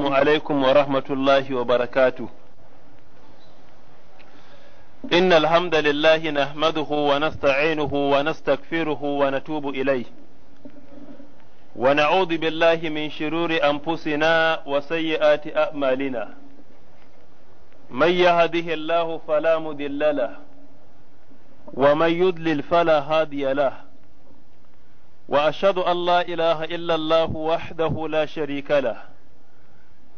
السلام عليكم ورحمة الله وبركاته إن الحمد لله نحمده ونستعينه ونستغفره ونتوب إليه ونعوذ بالله من شرور أنفسنا وسيئات أعمالنا من يهده الله فلا مضل له ومن يضلل فلا هادي له وأشهد أن لا إله إلا الله وحده لا شريك له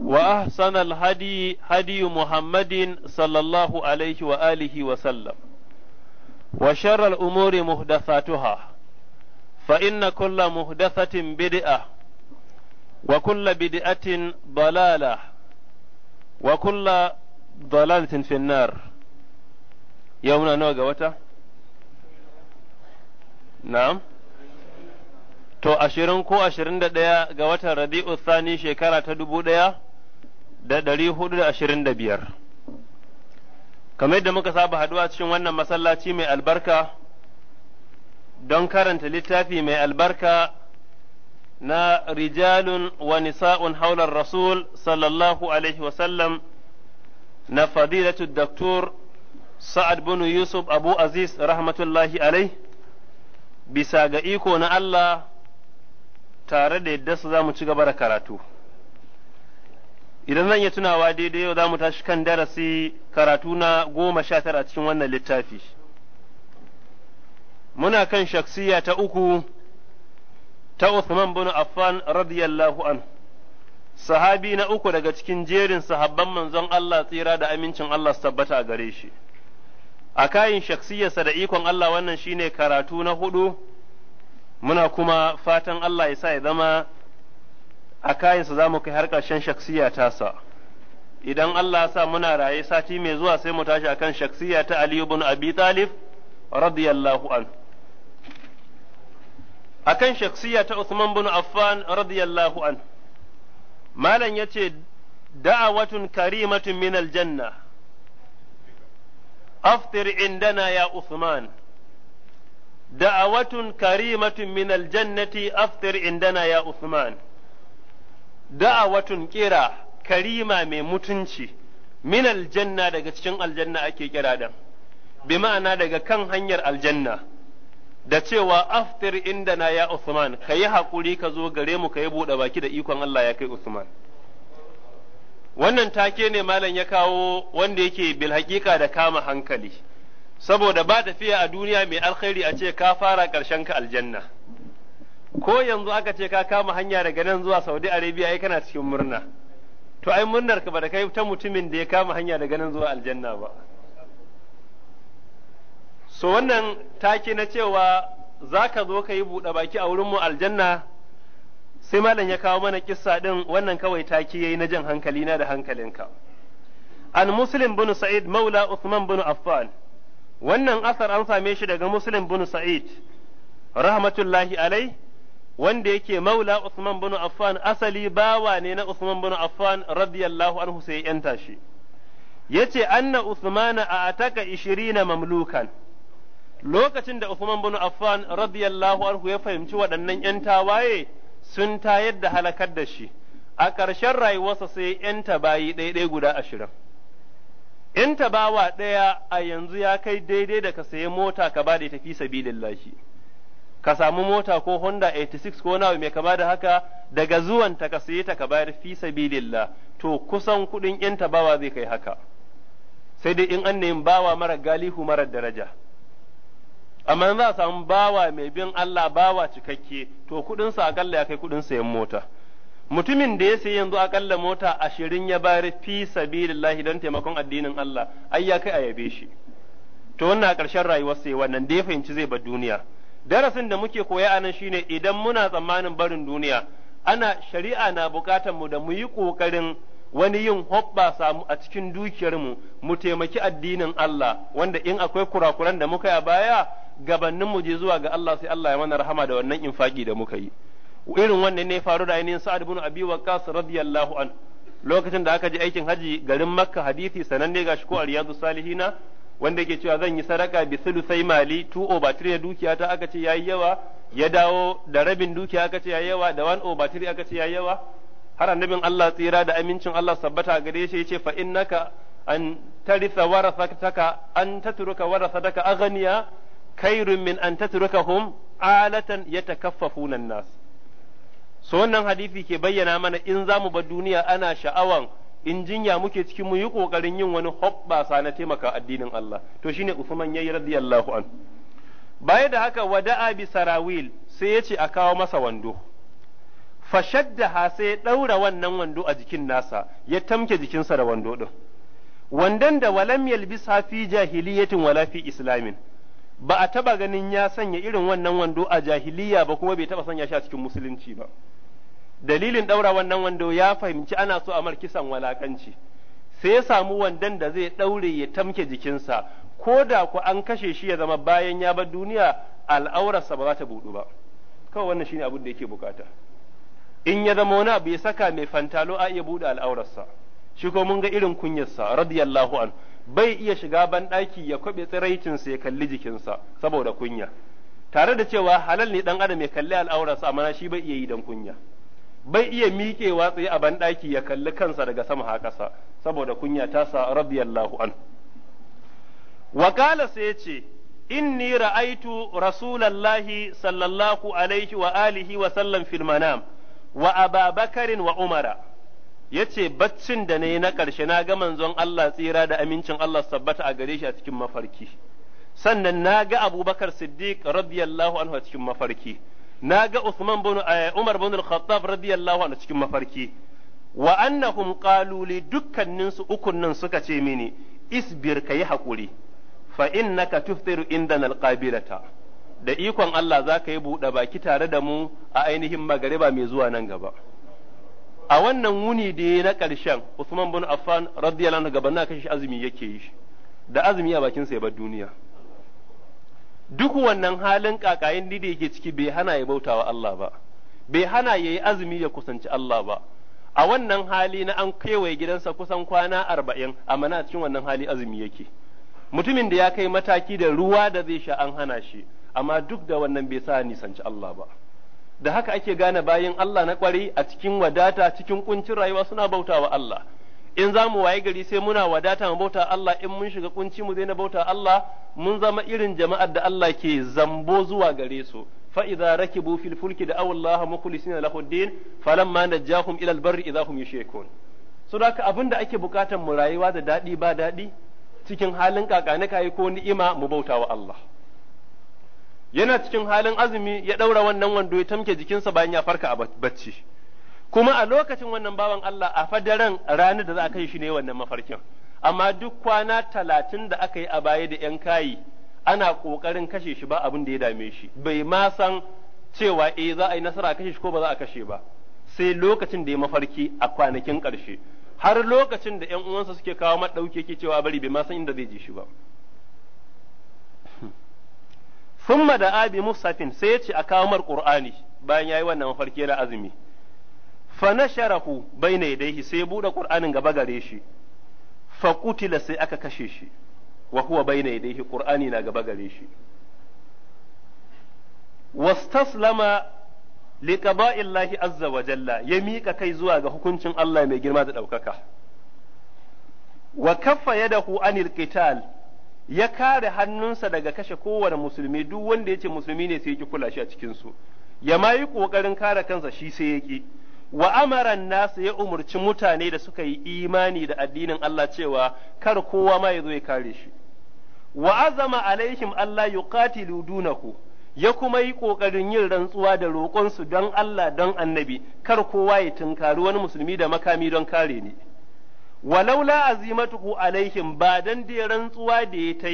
وأحسن الهدي هدي محمد صلى الله عليه وآله وسلم وشر الأمور محدثاتها فإن كل محدثة بدعة وكل بدعة ضلالة وكل ضلالة في النار يومنا نوغا وتا نعم to ashirin ko ashirin da ɗaya ga watan Rabi'u Sani shekara ta dubu ɗaya da ɗari hudu da ashirin da biyar. Kamar yadda muka saba haduwa cikin wannan masallaci mai albarka don karanta littafi mai albarka na rijalun wa nisa'un haular rasul sallallahu alaihi wasallam na fadilatu daktur sa'ad bin yusuf abu aziz rahmatullahi alai, bisa ga iko na Allah tare da yadda su za mu ci gaba da karatu idan zan iya tunawa daidai yau za mu tashi kan darasi karatu na goma sha tara cikin wannan littafi muna kan shaksiya ta uku ta Uthman bin Affan radiyallahu an sahabi na uku daga cikin jerin sahabban manzon Allah tsira da amincin Allah su tabbata a gare shi a kayin shaksiyarsa da ikon Allah wannan shine karatu na hudu muna kuma fatan Allah ya sa ya zama a kayansa za mu kai har ƙarshen shaksiya tasa idan Allah ya sa muna raye sati mai zuwa sai mu tashi akan shaksiya ta Ali ibn Abi Talib radiyallahu an akan shaksiya ta Uthman bin Affan radiyallahu an malam yace da'awatun karimatun min aljanna aftir indana ya Uthman دعوة كريمة من الجنة أفطر عندنا يا عثمان دعوة كرا Karima mai mutunci min aljanna daga cikin aljanna ake kira da bi ma'ana daga kan hanyar aljanna da cewa aftir indana ya Usman ka yi haƙuri ka zo gare mu ka yi buɗe baki da ikon Allah ya kai Usman wannan take ne malam ya kawo wanda yake bil haƙiƙa da kama hankali saboda ba tafiya a duniya mai alkhairi a ce ka fara ƙarshen ka aljanna ko yanzu aka ce ka kama hanya daga nan zuwa Saudi Arabia ai kana cikin murna to ai murnar ka ba da kai ta mutumin da ya kama hanya daga nan zuwa aljanna ba so wannan take na cewa za ka zo ka yi buɗe baki a wurinmu aljanna sai malam ya kawo mana kissa ɗin wannan kawai take yayi na jan hankali na da hankalinka an muslim bin sa'id maula usman bin affan wannan asar an same shi daga muslim bin sa'id rahmatullahi alai wanda yake maula usman bin affan asali bawa ne na usman bin affan radiyallahu anhu sai yanta shi yace anna Usman a ataka 20 mamlukan lokacin da Usman bin Affan radiyallahu anhu ya fahimci waɗannan ‘yan tawaye sun tayar da halakar da shi, a ƙarshen rayuwarsa sai ‘yan bayi ɗaiɗai guda ashirin. in ta bawa ɗaya a yanzu ya kai daidai da ka sayi mota ka bada ita fi sabilillahi ka samu mota ko Honda 86 ko nawa mai kama da haka daga zuwan ta ka sayi ta ka bayar fi sabilillah to kusan kuɗin in ta bawa zai kai haka sai dai in an nemi bawa mara galihu mara daraja amma za a samu bawa mai bin Allah bawa cikakke to kuɗinsa akalla ya kai kuɗin sayan mota mutumin da ya sayi yanzu akalla mota ashirin ya bayar fi sabilillahi don taimakon addinin Allah ai ya kai a yabe shi to wannan a ƙarshen rayuwar sai wannan da ya fahimci zai bar duniya darasin da muke koya anan nan shine idan muna tsammanin barin duniya ana shari'a na bukatar mu da mu yi ƙoƙarin wani yin hoɓɓa samu a cikin dukiyarmu mu taimaki addinin Allah wanda in akwai kurakuran da muka yi a baya gabanin mu je zuwa ga Allah sai Allah ya mana rahama da wannan infaki da muka yi irin wannan ne faru da ainihin sa'ad ibn abi waqqas radiyallahu an lokacin da aka je aikin haji garin makka hadisi sananne gashi ko riyadu salihina wanda yake cewa zan yi sadaka bi sai mali tu over da dukiya ta aka ce yayi yawa ya dawo da rabin dukiya aka ce yayi yawa da one over aka ce yayi yawa har annabin Allah tsira da amincin Allah sabbata gare shi yace fa innaka an tarisa warasataka an tatruka warasataka aghniya khairun min an tatrukahum alatan yatakaffafuna an-nas so wannan hadisi ke bayyana mana in za mu bar duniya ana sha'awan in jinya muke cikin mu yi kokarin yin wani hoɓɓasa na taimaka addinin Allah to shine Usman yayi radiyallahu an baya da haka wada'a bi sarawil sai ya ce a kawo masa wando ha sai ya ɗaura wannan wando a jikin nasa ya tamke jikinsa da wando ɗin wandon da walam yalbisa fi jahiliyatin wala fi islamin ba a taba ganin ya sanya irin wannan wando a jahiliya ba kuma bai taba sanya shi a cikin musulunci ba dalilin daura wannan wando ya fahimci ana so a mar kisan walakanci sai ya samu wandon da zai ɗaure ya tamke jikinsa ko da ku an kashe shi ya zama bayan ya bar duniya al'aurarsa ba za ta buɗu ba kawai wannan shine abin da yake bukata in ya zama wani abu ya saka mai fantalo a iya buɗe al'aurarsa shi ko mun ga irin kunyarsa radiyallahu an bai iya shiga banɗaki ya kwaɓe tsiraicinsa ya kalli jikinsa saboda kunya tare da cewa halal ne ɗan adam ya kalli al'aurarsa amma shi bai iya yi dan kunya bai iya miƙewa tsaye a banɗaki ya kalli kansa daga sama ha ƙasa saboda kunya ta sa radiyallahu an wakala sai ce inni ra'aitu rasulallahi sallallahu alaihi wa alihi wa sallam fil manam wa ababakarin wa umara yace baccin da nayi na ƙarshe na ga manzon Allah tsira da amincin Allah sabbata a gare shi a cikin mafarki sannan na ga abubakar siddiq radiyallahu anhu a cikin mafarki na ga Usman bin Umar bin Al-Khattab radiyallahu anhu cikin mafarki wa annahum qalu li dukkanin su ukun nan suka ce mini isbir kayi hakuri fa innaka tuftiru al-qabilata da ikon Allah za ka yi buɗe baki tare da mu a ainihin magariba mai zuwa nan gaba a wannan wuni da na ƙarshen Usman bin Affan radiyallahu anhu gaban na kashi azumi yake yi da azumi a bakin sa ya bar duniya duk wannan halin kakayin da yake ciki bai hana ya bautawa Allah ba bai hana ya yi azumi ya kusanci Allah ba a wannan hali na an kewaye gidansa kusan kwana arba'in a a cikin wannan hali azumi yake mutumin da ya kai mataki da ruwa da zai sha an hana shi amma duk da wannan bai sa nisanci Allah ba da haka ake gane bayin Allah na kwari a cikin wadata cikin kuncin rayuwa suna bautawa Allah in za mu waye gari sai muna wadata mu bauta Allah in mun shiga kunci mu na bauta Allah mun zama irin jama'ar da Allah ke zambo zuwa gare su fa idza rakibu fil fulki da Allah mukhlisina lahu din falamma najahum ila al barri idza hum yushrikun so da abinda ake bukatan mu rayuwa da dadi ba dadi cikin halin kakane kai ko ni'ima mu bauta wa Allah yana cikin halin azumi ya daura wannan wando ya tamke jikinsa bayan ya farka a bacci kuma a lokacin wannan bawan Allah a fadaran ranar da za a kai shi ne wannan mafarkin amma duk kwana talatin da aka yi a baya da yan kayi ana ƙoƙarin kashe shi ba abin da ya dame shi bai ma san cewa eh za a yi nasara a kashe shi ko ba za a kashe ba sai lokacin da ya mafarki a kwanakin ƙarshe har lokacin da 'yan uwansa suke kawo maɗauke ke cewa bari bai ma san inda zai je shi ba Sun da abi musafin sai ya ce a kawo mar Kur'ani bayan ya yi wannan mafarki na azumi fa nasharahu bayna yadayhi sai ya bude qur'anin gaba gare shi fa qutila sai aka kashe shi wa huwa bayna yadayhi qur'ani na gaba gare shi wastaslama liqada'illahi azza wa jalla ya miƙa kai zuwa ga hukuncin Allah mai girma da ɗaukaka wa kaffa yadahu anil qital ya kare hannunsa daga kashe kowane musulmi duk wanda ya ce musulmi ne sai ya ki kula shi a cikin su ya mayi yi ƙoƙarin kare kansa shi sai ya ki wa amaran nasu ya umarci mutane da suka yi imani da addinin Allah cewa kar kowa ma ya zo ya kare shi wa azama alaihim Allah yuqatilu dunaku ya kuma yi kokarin yin rantsuwa da roƙon su don Allah don annabi kar kowa ya tunkari wani musulmi da makami don kare ni walaula azimatuhu alaihim ba dan da rantsuwa da ya ta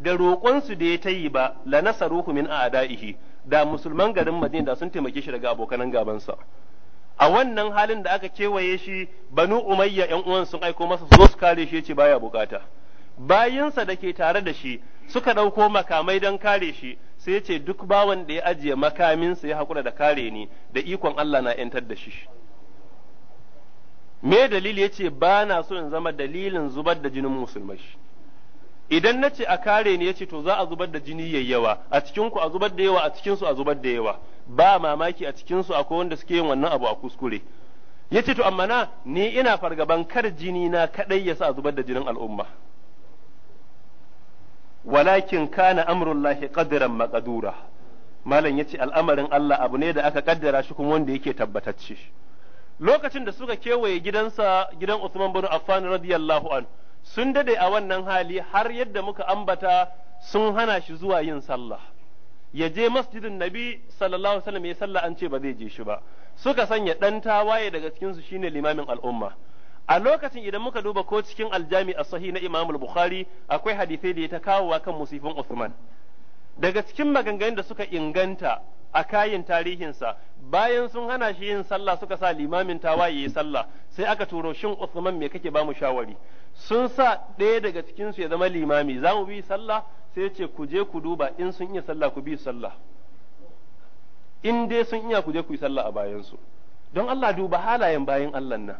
da roƙon su da ya ta ba la nasaruhu min a'daihi da musulman garin Madina sun taimake shi daga abokan abokanan sa. a wannan halin da aka kewaye shi banu umayya yan uwan sun aiko masa su zo su kare shi yace baya bukata bayinsa da ke tare da shi suka ɗauko makamai don kare shi sai yace duk bawan da ya ajiye makaminsa ya haƙura da kare ni da ikon Allah na ‘yantar da shi me dalili yace ba na so in zama dalilin zubar da jinin musulmai idan na ce a kare ni ya ce to za a zubar da jini yayi yawa a cikin ku a zubar da yawa a cikin su a zubar da yawa ba mamaki a cikin su akwai wanda suke yin wannan abu a kuskure Ya ce to amma na ni ina fargaban kar jini na kadai ya sa zubar da jinin al'umma walakin kana amrullahi qadran maqdura malam yace al'amarin Allah abu ne da aka kaddara shi kuma wanda yake tabbatacce lokacin da suka kewaye gidansa gidan Uthman bin Affan radiyallahu an sun dade a wannan hali har yadda muka ambata sun hana shi zuwa yin sallah ya je masjidin nabi sallallahu alaihi wasallam ya sallah an ce ba zai je shi ba suka sanya dan tawaye daga cikin su shine limamin al'umma a lokacin idan muka duba ko cikin aljami a sahi na Imam al-Bukhari akwai hadisai da ya ta kawowa kan musifin Usman daga cikin maganganun da suka inganta a kayin tarihinsa bayan sun hana shi yin sallah suka sa limamin tawa yi sallah sai aka turo shin Usman me kake ba mu shawari sun sa ɗaya daga cikin su ya zama limami za mu bi sallah sai ce ku je ku duba in sun iya sallah ku bi sallah in dai sun iya ku je ku yi sallah a bayan su don Allah duba halayen bayan Allah nan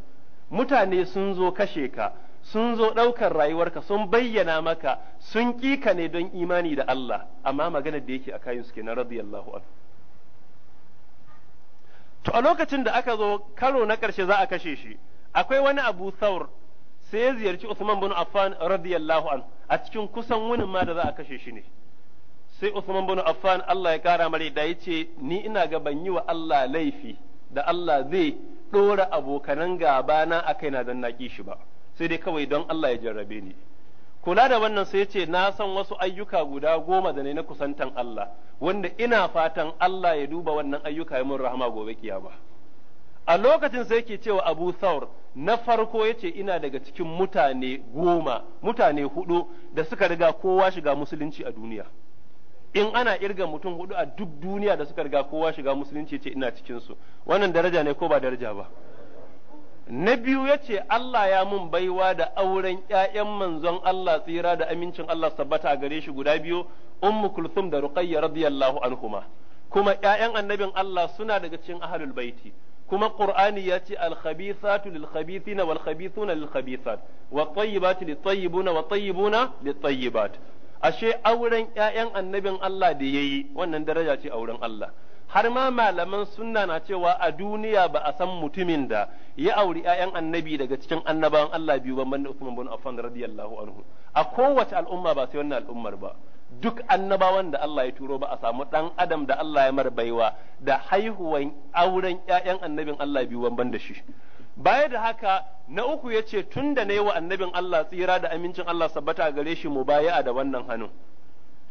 mutane sun zo kashe ka sun zo ɗaukar rayuwarka sun bayyana maka sun ƙi ka ne don imani da Allah amma maganar da yake a kayan su kenan radiyallahu anhu to a lokacin da aka zo karo na ƙarshe za a kashe shi akwai wani abu saur sai ya ziyarci Usman bin Affan radiyallahu an a cikin kusan wunin ma da za a kashe shi ne sai Usman bin Affan Allah ya kara mare da ya ce ni ina ga ban yi wa Allah laifi da Allah zai ɗora abokanan na a kai don na ƙi shi ba sai dai kawai don Allah ya jarrabe ni kula da wannan sai ce na san wasu ayyuka guda goma da ne na kusantan Allah wanda ina fatan Allah ya duba wannan ayyuka ya mun rahama gobe kiyama a lokacin sai yake cewa Abu Thawr na farko yace ina daga cikin mutane goma mutane hudu da suka riga kowa shiga musulunci a duniya in ana irga mutum hudu a duk duniya da suka riga kowa shiga musulunci yace ina cikin su wannan daraja ne ko ba daraja ba na biyu ya ce Allah ya mun baiwa da auren ‘ya'yan manzon Allah tsira da amincin Allah sabbata a gare shi guda biyu ummu kulthum da ruqayya radiyallahu anhuma kuma ‘ya'yan annabin Allah suna daga cikin ahlul baiti kuma Qur'ani ya ce al-khabithatu lil-khabithina wal-khabithuna lil-khabithat wat-tayyibatu lit-tayyibuna tayyibuna lit-tayyibat ashe auren ‘ya'yan annabin Allah da yayi wannan daraja ce auren Allah har ma malaman sunna na cewa a duniya ba a san mutumin da ya auri 'ya'yan annabi daga cikin annabawan Allah biyu ba manna Usman bin Affan radiyallahu anhu a kowace al'umma ba sai wannan al'ummar ba duk annabawan da Allah ya turo ba a samu dan adam da Allah ya mar baiwa da haihuwan auren 'ya'yan annabin Allah biyu ban da shi baya da haka na uku yace tunda tun wa annabin Allah tsira da amincin Allah sabbata gare shi mu baya da wannan hannun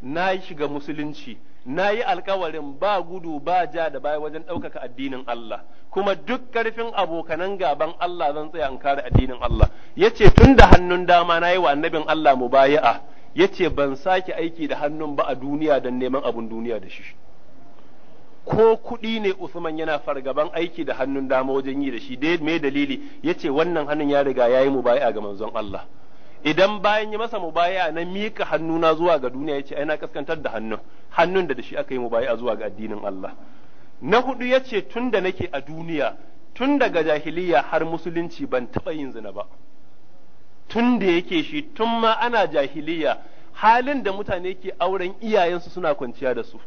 na shiga musulunci na yi alkawarin ba gudu ba ja da baya wajen ɗaukaka addinin Allah kuma duk ƙarfin abokanan gaban Allah zan tsaya in kare addinin Allah yace tun da hannun dama na yi wa annabin Allah ya yace ban sake aiki da hannun ba a duniya don neman abun duniya da shi ko kuɗi ne Usman yana fargaban aiki da hannun dama wajen yi da shi dai me dalili yace wannan hannun ya riga yayi mubaya'a ga manzon Allah idan bayan yi masa mubaya na miƙa hannuna zuwa ga duniya ya ce ai kaskantar da hannun hannun da da shi aka yi mubaya zuwa ga addinin Allah na hudu ya ce tun da nake a duniya tun daga jahiliya har musulunci ban taɓa yin zina ba tun da yake shi tun ma ana jahiliya halin da mutane ke auren iyayensu suna kwanciya da su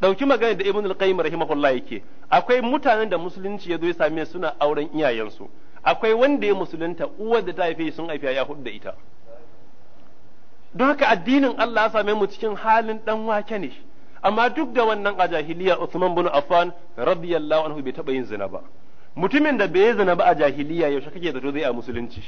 ɗauki magana da ibn al-qayyim rahimahullah yake akwai mutanen da musulunci ya zo ya same suna auren iyayensu akwai wanda ya musulunta uwar da ta haife sun haifi ya hudu da ita don haka addinin Allah ya same mu cikin halin dan wake ne amma duk da wannan a jahiliya Uthman bin Affan radiyallahu anhu bai taba yin zina ba mutumin da bai yi zina ba a jahiliya yaushe kake zato zai a musulunci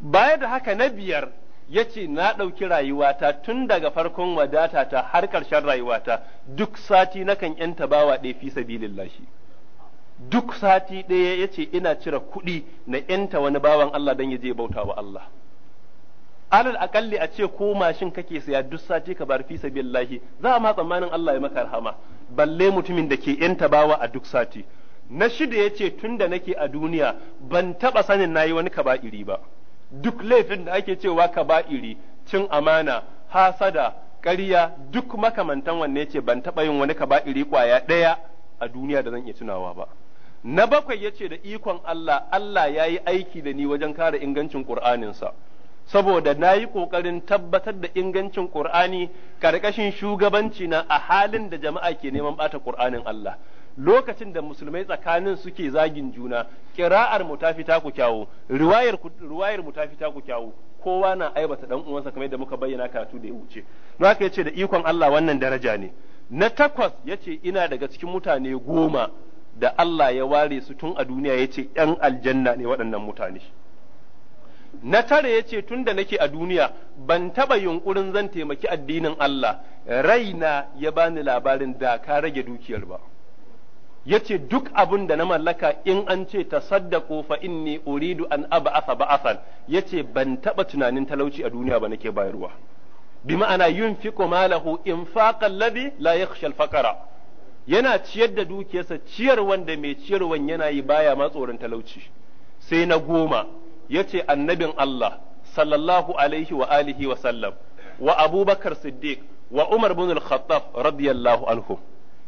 baya da haka na biyar ya ce na ɗauki rayuwata tun daga farkon wadata ta har ƙarshen rayuwata duk sati nakan yanta bawa ɗaya fi sabilillahi duk sati ɗaya ya ce ina cire kuɗi na ‘yanta wani bawan Allah don ya je bauta wa Allah. Alal akalli a ce ko mashin kake saya duk sati ka bar fisa sabilillahi za ma tsammanin Allah ya maka rahama balle mutumin da ke ‘yanta bawa a duk sati. Na shida ya ce tun da nake a duniya ban taɓa sanin na yi wani iri ba. Duk laifin da ake cewa kaba'iri cin amana, hasada, ƙarya duk makamantan wanne ce ban taɓa yin wani kaba'iri ƙwaya ɗaya a duniya da zan iya tunawa ba. na bakwai yace da ikon Allah Allah ya yi aiki da ni wajen kare ingancin Qur'aninsa saboda na yi ƙoƙarin tabbatar da ingancin Qur'ani ƙarƙashin shugabanci na a halin da jama'a ke neman ɓata Qur'anin Allah lokacin da musulmai tsakanin suke zagin juna kira'ar mu ta fita ku kyawu riwayar mu ta fita ku kyawu kowa na aibata dan uwansa kamar yadda muka bayyana karatu da ya wuce don haka yace da ikon Allah wannan daraja ne na takwas yace ina daga cikin mutane goma da Allah ya ware su tun a duniya ya ce ‘yan aljanna ne waɗannan mutane. Na tare ya ce tun da nake a duniya ban taɓa yunƙurin zan taimaki addinin Allah raina ya bani labarin da ka rage dukiyar ba. Ya ce duk abin da na mallaka in an ce ta fa inni uridu an ba asan ya ce ban taɓa tunanin talauci a duniya ba nake bayarwa. Bi ma'ana yunfiqu malahu infaqan ladhi la yakhsha al-faqara. yana ciyar da dukiyarsa ciyar wanda mai ciyarwan yana yi baya ma tsoron talauci sai na goma yace annabin Allah sallallahu alaihi wa alihi wa sallam wa abubakar siddiq wa umar bin al-khattab radiyallahu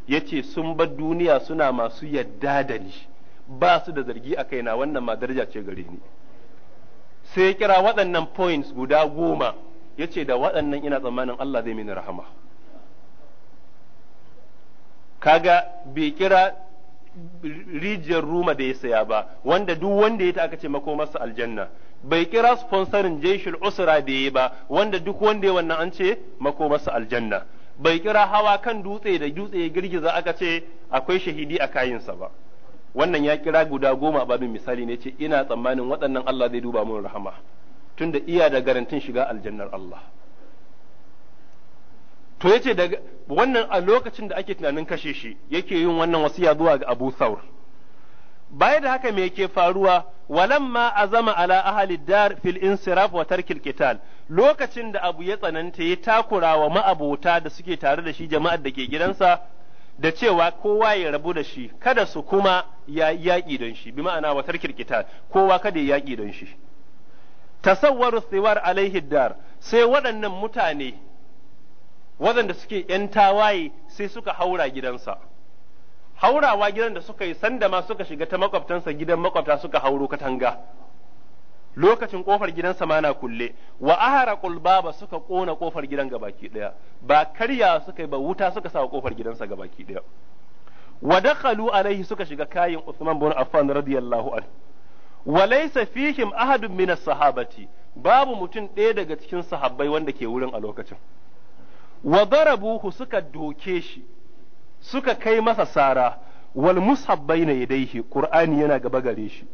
ya yace sun bar duniya suna masu yadda da ni ba su da zargi a kaina wannan ma daraja ce gare ni sai ya kira waɗannan points guda goma yace da waɗannan ina tsammanin Allah zai mini rahama kaga bai kira rijiyar ruma da ya saya ba wanda duk wanda ya ta aka ce makomarsa aljanna bai kira sponsorin jeshul usra da ya ba wanda duk wanda ya wannan an ce makomarsa aljanna bai kira hawa kan dutse da dutse ya girgiza aka ce akwai shahidi a kayinsa ba wannan ya kira guda goma babin misali ne ce ina tsammanin waɗannan Allah zai duba mun rahama tunda iya da garantin shiga aljannar Allah to yace daga wannan a lokacin da ake tunanin kashe shi yake yin wannan wasiya zuwa ga Abu Thawr baya da haka me yake faruwa walamma azama ala ahli dar fil insiraf wa tarkil qital lokacin da abu ya tsananta ya takura wa ma'abota da suke tare da shi jama'ar da ke gidansa da cewa kowa ya rabu da shi kada su kuma ya yaƙi don shi bi ma'ana wa tarkil qital kowa kada ya yaƙi don shi tasawwaru thiwar alaihi dar sai waɗannan mutane waɗanda suke ‘yan tawaye sai suka haura gidansa. Haurawa gidan da suka yi sanda ma suka shiga ta makwabtansa gidan makwabta suka hauro katanga. Lokacin ƙofar gidansa ma na kulle, wa ahara baba suka ƙona ƙofar gidan ga baki ɗaya, ba karya suka yi ba wuta suka sa ƙofar gidansa ga baki ɗaya. Wa dakhalu alaihi suka shiga kayin Usman bin Affan radiyallahu anhu. Wa laysa fihim ahadun min sahabati babu mutum ɗaya daga cikin sahabbai wanda ke wurin a lokacin. wa darabuhu suka doke shi suka kai masa sara wal mushab baina yadayhi qur'ani yana gaba gare shi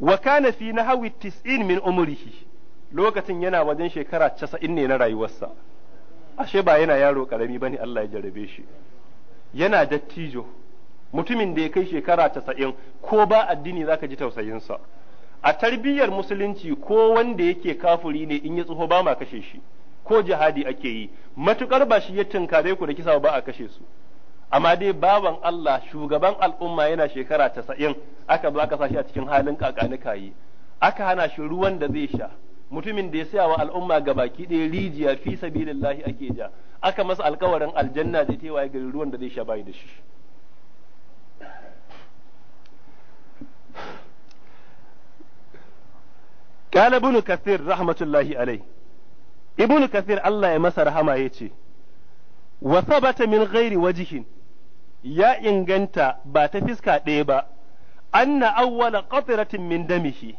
wa kana fi nahwi 90 min umrihi lokacin yana wajen shekara casa'in ne na rayuwarsa ashe ba yana yaro karami bane Allah ya jarabe shi yana dattijo mutumin da ya kai shekara casa'in, ko ba addini zaka ji tausayinsa a tarbiyyar musulunci ko wanda yake kafuri ne in ya tsoho ba ma kashe shi ko jihadi ake yi matukar ba shi ya tunkare ku da kisa ba a kashe su amma dai bawan Allah shugaban al'umma yana shekara tasa'in aka zo aka sashi a cikin halin kakanika yi aka hana shi ruwan da zai sha mutumin da ya saya wa al'umma baki ɗaya rijiya fi sabilillahi ake ja aka masa alkawarin aljanna zai taiwaye gari ruwan da zai sha bai da shi قال ابن كثير رحمة الله عليه ibnu kasir Allah ya masa rahama ya ce wa sabata min ghairi wajihin ya inganta ba ta fiska ɗaya ba anna awwala qatratin min damihi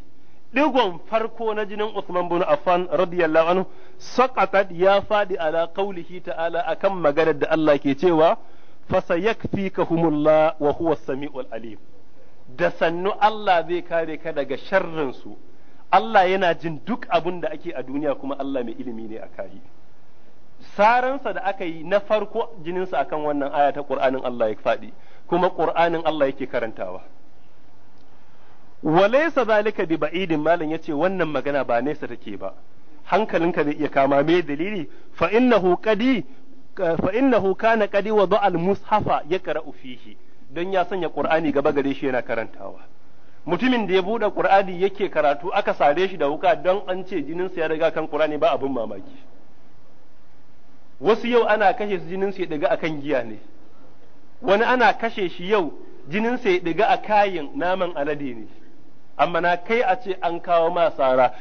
digon farko na jinin Usman bin Affan radiyallahu anhu saqatat ya fadi ala qawlihi ta'ala akan maganar da Allah ke cewa fasayakfikahumullah wa huwa samiul alim da sannu Allah zai kare ka daga sharrin su Allah yana jin duk abin da ake a duniya kuma Allah mai ilimi ne a kayi saransa da aka yi na farko jininsa akan wannan aya ta Qur'anin Allah ya faɗi kuma ƙur'anin Allah yake karantawa walaisa zalika bi ba'idin malam ya ce wannan magana ba nesa take ba hankalinka zai iya kama me dalili fa innahu na fa innahu kana qadi wada al mushafa yaqra'u ya sanya ƙur'ani gaba gare shi yana karantawa mutumin da ya bude qur'ani yake karatu aka sare shi da wuka don an ce jinin sa ya riga kan qur'ani ba abin mamaki wasu yau ana kashe su jinin su ya diga akan giya ne wani ana kashe shi yau jinin sa ya diga a kayin naman alade ne amma na kai a ce an kawo ma sara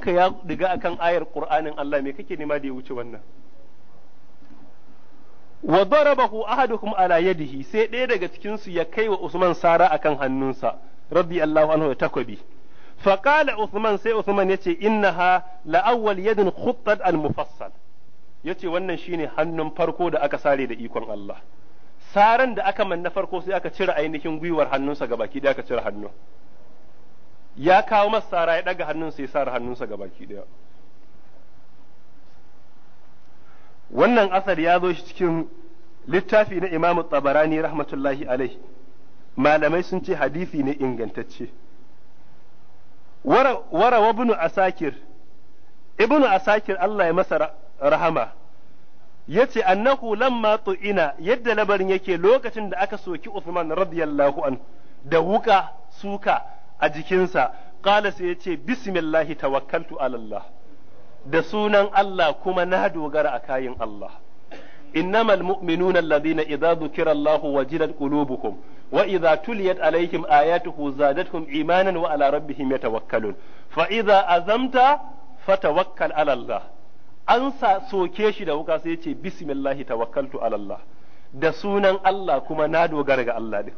ka ya diga akan ayar qur'anin Allah me kake nema da ya wuce wannan wa darabahu ahadukum ala yadihi sai ɗaya daga cikin su ya kai wa Usman sara akan hannunsa radiyallahu anhu da takwabi faƙala Usman sai Usman ya ce innaha la'awwal yadin khuttat al-mufassal ya ce wannan shine hannun farko da aka sare da ikon Allah saran da aka manna farko sai aka cire ainihin gwiwar hannunsa gabaki ɗaya aka cire hannu ya kawo masa sara ya ɗaga hannun sa sara hannunsa gabaki ɗaya wannan asar ya zo shi cikin littafi na imamu tabarani rahmatullahi alaihi malamai sun ce hadisi ne ingantacce wara wa ibnu asakir ibnu asakir Allah ya masa rahama yace annahu lamma tu'ina yadda labarin yake lokacin da aka soki Uthman radiyallahu an da wuka suka a jikinsa qala sai yace bismillahi tawakkaltu ala Allah da sunan Allah kuma na dogara a kayin Allah إنما المؤمنون الذين إذا ذكر الله وجلت قلوبهم وإذا تليت عليهم آياته زادتهم إيمانا وعلى ربهم يتوكلون فإذا أزمت فتوكل على الله أنسى سوكيشي دوكا سيتي بسم الله توكلت على الله da sunan Allah kuma na dogara ga Allah din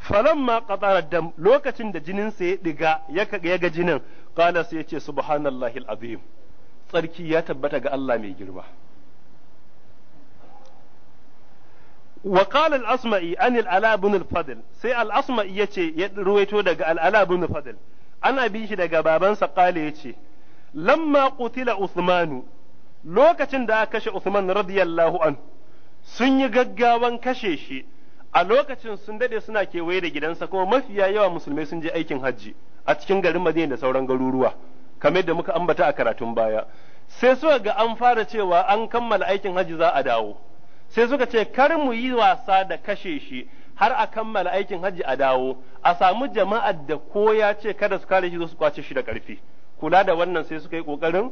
falamma qatara dam lokacin da jininsa ya diga ya ga jinin qala sai ya ce subhanallahi alazim tsarki ya tabbata ga Allah mai girma wa qala al-asma'i an al-ala ibn al-fadl sai al-asma'i yace ya ruwaito daga al-ala ibn al-fadl ana bi shi daga babansa qala yace lamma qutila usmanu lokacin da aka kashe usman radiyallahu an sun yi gaggawan kashe shi a lokacin sun dade suna kewaye da gidansa kuma mafiya yawa musulmai sun je aikin hajji a cikin garin Madina da sauran garuruwa kamar da muka ambata a karatun baya sai suka ga an fara cewa an kammala aikin hajji za a dawo sai suka ce kar mu yi wasa da kashe shi har a kammala aikin hajji a dawo a samu jama'ar da ko ya ce kada su kare shi su kwace shi da karfi kula da wannan sai suka yi kokarin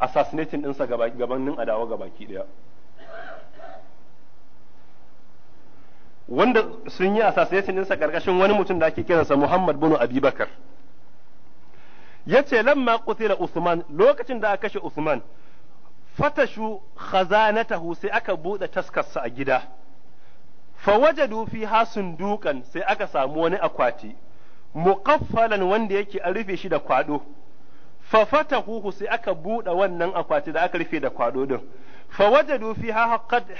assassinating dinsa gabanin a dawo baki daya wanda sun yi assassination dinsa ƙarƙashin wani mutum da ake kiransa Muhammad bin Abi Ya yace lamma qutila Usman lokacin da aka kashe Usman fatashu khazanatahu sai aka buɗe taskarsa a gida fawajadu fi hasun dukan sai aka samu wani akwati muqaffalan wanda yake a rufe shi da kwado fa sai aka buɗe wannan akwati da aka rufe da kwado din fawajadu fi ha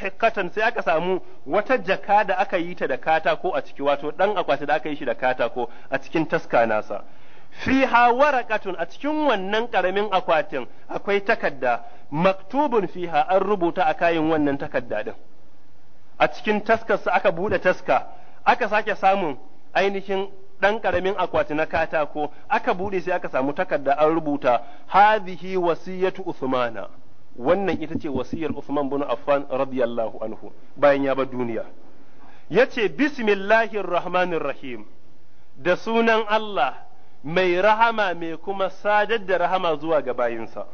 haqqatan sai aka samu wata jaka da aka yi ta da katako a ciki wato dan akwati da aka yi shi da katako a cikin taska nasa fiha warakatun a cikin wannan karamin akwatin akwai takarda maktubun fiha an rubuta a kayan wannan takarda din a cikin taskar taskarsa aka bude taska aka sake samun ainihin ɗan ƙaramin akwati na katako aka bude sai aka samu takarda an rubuta hadhihi wasiyatu usmana wannan ita ce wasiyar usman bin affan radiyallahu anhu bayan ya bar duniya yace bismillahir rahmanir rahim da sunan Allah mai rahama mai kuma sadar da rahama zuwa ga bayinsa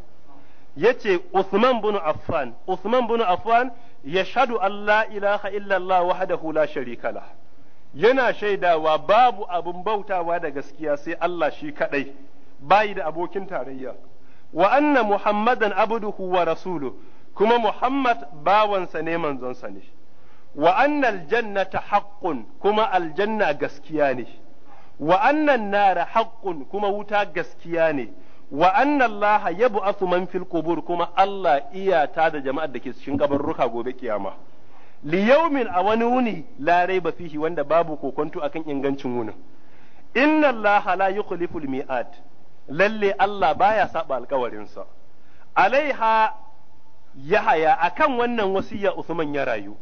yace Usman bin Affan Usman bin Affan ya shadu allah ilaha illallah wahdahu la sharika kala. yana shaidawa babu abin bautawa da gaskiya sai Allah shi kadai bayi da abokin tarayya wa anna muhammadan abduhu wa rasulu kuma muhammad bawansa ne manzonsa ne wa annal jannata haqqun kuma aljanna gaskiya ne wa annan nara haqqun kuma wuta gaskiya ne wa anna Allah yab'athu man fil qubur kuma Allah iyata da jama'ar da ke cikin kabarruka gobe kiyama li yawmin a wani wuni la raiba fihi wanda babu kokonto akan ingancin wunin innallaha Allah la yukhlifu al mi'ad lalle Allah baya saba alkawarin sa alaiha yahaya akan wannan wasiya Usman ya rayu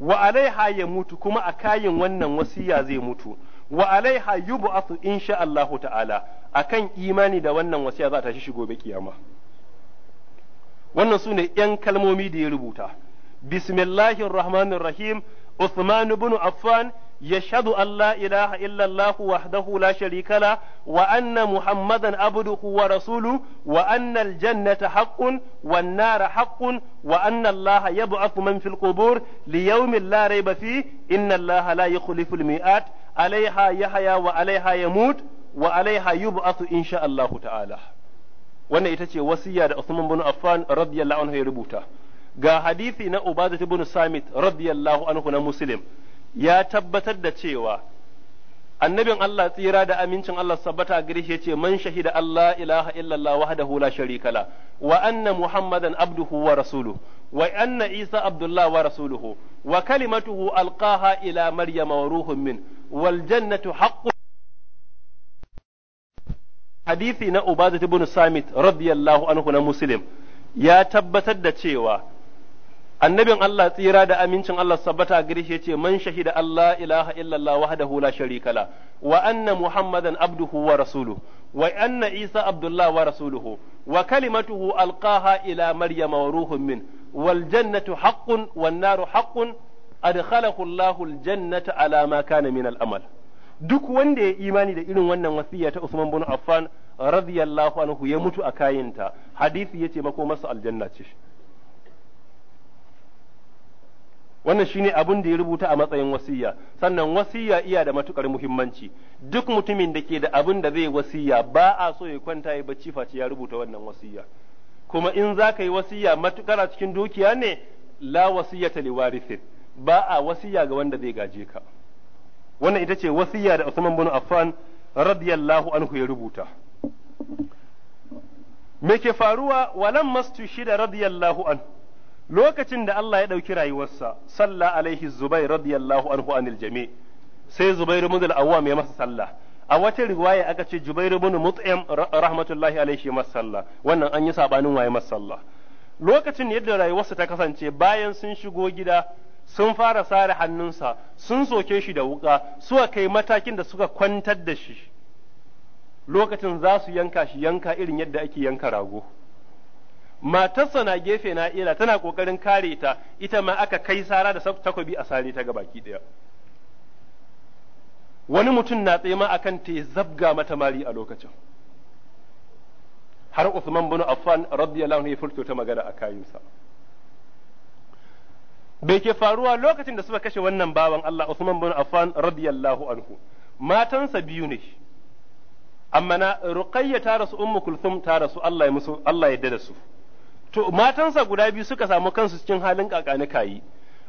wa alaiha ya mutu kuma a kayin wannan wasiya zai mutu wa alaiha yub'athu insha Allah ta'ala akan imani da wannan wasiya za ta shi gobe kiyama wannan sune yan kalmomi da ya rubuta bismillahir rahmanir rahim Uthman ibn Affan يشهد أن لا إله إلا الله وحده لا شريك له وأن محمدا عبده ورسوله وأن الجنة حق والنار حق وأن الله يبعث من في القبور ليوم لا ريب فيه إن الله لا يخلف المئات عليها يحيا وعليها يموت وعليها يبعث إن شاء الله تعالى wannan ita ce wasiya da Usman bin Affan radiyallahu anhu ya rubuta ga hadisi na Ubadah ibn Samit radiyallahu anhu na Muslim ya tabbatar da cewa annabin Allah tsira da amincin Allah sabbata gare shi yace man shahida Allah ilaha illallah wahdahu la sharika la wa anna muhammadan abduhu wa rasuluhu wa anna isa abdullah wa rasuluhu wa kalimatuhu alqaha ila Maryam wa ruhun min wal jannatu haqqun hadithi na Ubadah ibn Samit radiyallahu anhu na Muslim ya tabbatar da cewa annabin Allah tsira da amincin Allah sabbata gare ce yace man shahida Allah ilaha illallah wahdahu la sharika la wa anna muhammadan abduhu wa rasuluhu wa anna isa abdullah wa rasuluhu wa kalimatuhu alqaha ila maryama wa ruhun min wal jannatu haqqun wan naru haqqun adkhalahu Allahu jannata ala ma kana min al amal duk wanda ya imani da irin wannan wasiya ta Usman bin Affan radiyallahu anhu ya mutu a kayinta hadisi yace mako masa aljanna ce wannan shine abin da ya rubuta a matsayin wasiya sannan wasiya iya da matukar muhimmanci duk mutumin da ke da abin da zai wasiya ba a so ya kwanta ya bacci face ya rubuta wannan wasiya kuma in za ka yi wasiya matukar a cikin dukiya ne la wasiyata li warithin ba a wasiya ga wanda zai gaje ka wannan ita ce wasiya da Usman bin Affan radiyallahu anhu ya rubuta me ke faruwa walan mastu shida radiyallahu anhu lokacin da Allah ya ɗauki rayuwarsa sallah alaihi zubair radiyallahu anhu anil jami sai zubair ibn al-awwam ya masa sallah a wata riwaya aka ce zubair ibn mut'im rahmatullahi alaihi masa sallah wannan an yi sabanin waye masa sallah lokacin yadda rayuwarsa ta kasance bayan sun shigo gida sun fara sare hannunsa sun soke shi da wuka suka kai matakin da suka kwantar da shi lokacin za su yanka shi yanka irin yadda ake yanka rago matarsa na gefe na ila tana kokarin kare ta ita ma aka kai sara da takobi a sare ta gabaki daya wani mutum na tsaye ma akan ta zabga mata mari a lokacin har Usman bin Affan radiyallahu anhu ya furto ta magana a kayinsa bai ke faruwa lokacin da suka kashe wannan bawan Allah Usman bin Affan radiyallahu anhu matansa biyu ne amma na Ruqayya ta rasu Ummu Kulthum ta rasu Allah ya musu Allah ya da su to matansa guda biyu suka samu kansu cikin halin kakanika yi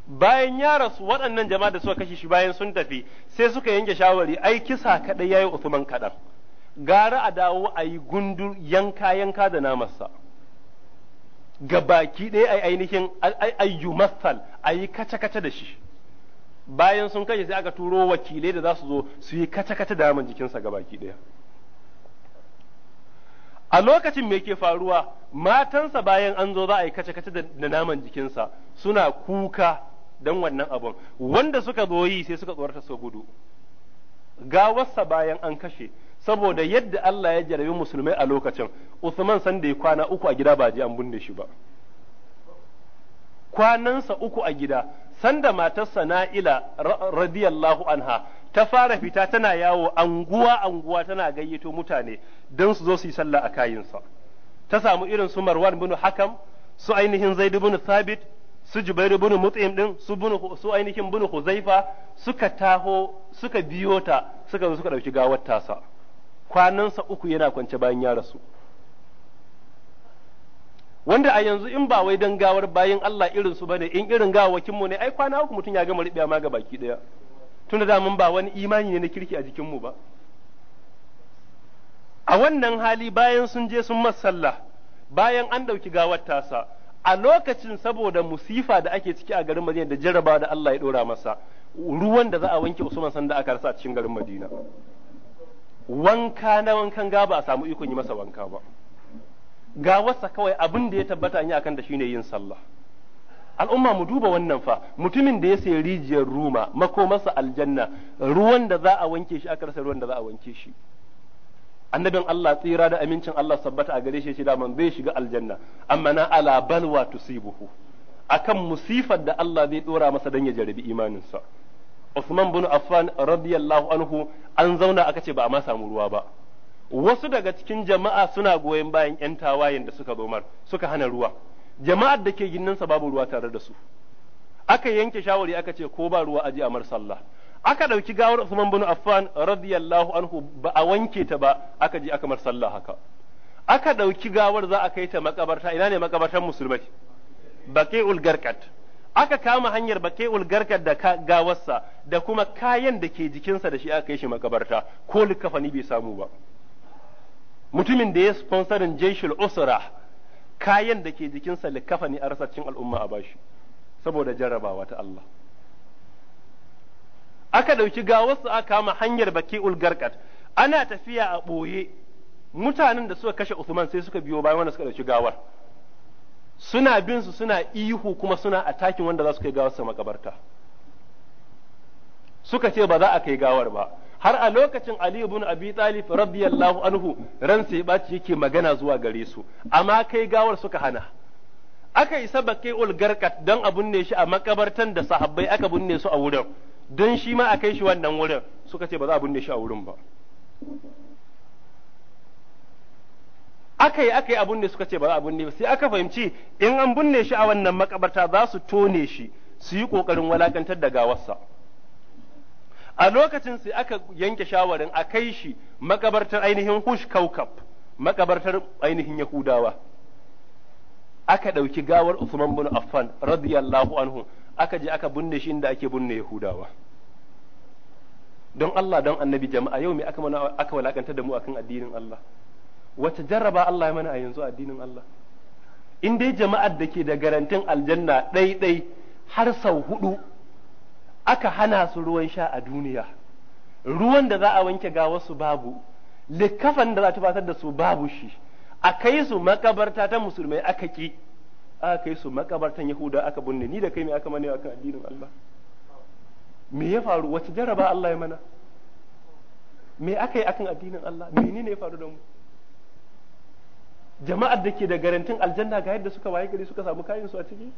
bayan ya rasu waɗannan jama'a da suka kashe shi bayan sun tafi sai suka yanke shawari ai kisa kadai yayi Uthman kaɗan gara a dawo a yi gundur yanka yanka da namarsa ga baki ɗaya ai ainihin ayyu masal a yi kace kace da shi bayan sun kashe sai aka turo wakilai da za su zo su yi kace kace da naman jikinsa ga baki ɗaya a lokacin me ke faruwa matansa bayan an zo za a yi kace-kace da naman jikinsa suna kuka don wannan abun wanda suka zo yi sai suka tsorata su gudu gawarsa bayan an kashe saboda yadda Allah ya jarabi musulmai a lokacin Usman san da ya kwana uku a gida ba je an bunne shi ba kwanansa uku a gida sanda matarsa Na'ila radiyallahu anha ta fara fita tana yawo anguwa anguwa tana gayyato mutane don su zo su yi sallah a kayinsa ta samu irin su Marwan bin Hakam su ainihin Zaid bin sabit, su Jubair bin Mut'im din su su ainihin bin Huzaifa suka taho suka biyo ta suka zo suka dauki gawar tasa kwanansa uku yana kwance bayan ya rasu wanda a yanzu in ba wai dan gawar bayan Allah irin su bane in irin gawakin mu ne ai kwana uku mutum ya gama ribiya ma ga baki daya tunda da mun ba wani imani ne na kirki a jikin mu ba a wannan hali bayan sun je sun masalla bayan an ɗauki gawar tasa a lokacin saboda musifa da ake ciki a garin Madina da jaraba da Allah ya ɗora masa ruwan da za a wanke Usman sanda aka rasa a cikin garin Madina wanka na wankan ga ba a samu ikon yi masa wanka ba ga wasa kawai abin da ya tabbata an yi akan da shine yin sallah al'umma mu duba wannan fa mutumin da ya sayi rijiyar ruma makomarsa aljanna ruwan da za a wanke shi aka rasa ruwan da za a wanke shi annabin Allah tsira da amincin Allah sabbata a gare shi shi daman zai shiga aljanna amma na ala balwa tusibuhu akan musifar da Allah zai dora masa dan ya jarabi imaninsa Usman bin Affan radiyallahu anhu an zauna aka ce ba a ma samu ruwa ba wasu daga cikin jama'a suna goyon bayan 'yan tawayen da suka zo mar suka hana ruwa jama'ar da ke ginnansa babu ruwa tare da su aka yanke shawari aka ce ko ba ruwa a amar sallah aka ɗauki gawar Usman bin Affan radiyallahu anhu ba a wanke ta ba aka je aka mar sallah haka aka ɗauki gawar za a kai ta makabarta ina ne makabartan musulmai baqi'ul garkat aka kama hanyar baqi'ul garkat da gawarsa da kuma kayan da ke jikinsa da shi aka kai shi makabarta ko likafani bai samu ba mutumin da ya sponsorin jeshul usra kayan da ke jikinsa likafa ne a rasarcin al'umma a bashi saboda jarrabawa ta Allah aka ɗauki gawarsu aka kama hanyar baki ulgarkat ana tafiya a ɓoye mutanen da suka kashe Usman sai suka biyo bayan wanda suka dauki gawar suna bin su suna ihu kuma suna atakin wanda za su kai gawarsa makabarta suka ce ba za a kai gawar ba har a lokacin Ali ibn Abi Talib radiyallahu anhu ran sai baci yake magana zuwa gare su amma kai gawar suka hana aka isa ul garkat dan a binne shi a makabartan da sahabbai aka binne su a wurin don shi ma a kai shi wannan wurin suka ce ba za a binne shi a wurin ba aka yi aka yi abun ne suka ce ba za a binne ba sai aka fahimci in an binne shi a wannan makabarta za su tone shi su yi kokarin walakantar da gawarsa a lokacin sai aka yanke shawarin a kai shi makabartar ainihin hush kaukab makabartar ainihin yahudawa aka ɗauki gawar Usman bin Affan radiyallahu anhu aka je aka binne shi inda ake binne Yahudawa don Allah don annabi jama'a yau me aka mana aka walakanta da mu akan addinin Allah wata jarraba Allah ya mana a yanzu addinin Allah in dai jama'ar da ke da garantin aljanna ɗai ɗai har sau hudu aka hana su ruwan sha a duniya ruwan da za a wanke ga wasu babu likafan da za a tufatar da su babu shi a kai su makabarta ta musulmai aka ki aka kai su makabartan yahuda aka binne ni da kai me aka mani akan addinin Allah me ya faru wace jaraba Allah ya mana me aka yi akan addinin Allah menene ya faru da mu jama'ar da ke da garantin aljanna ga yadda suka waye gari suka samu kayan su a ciki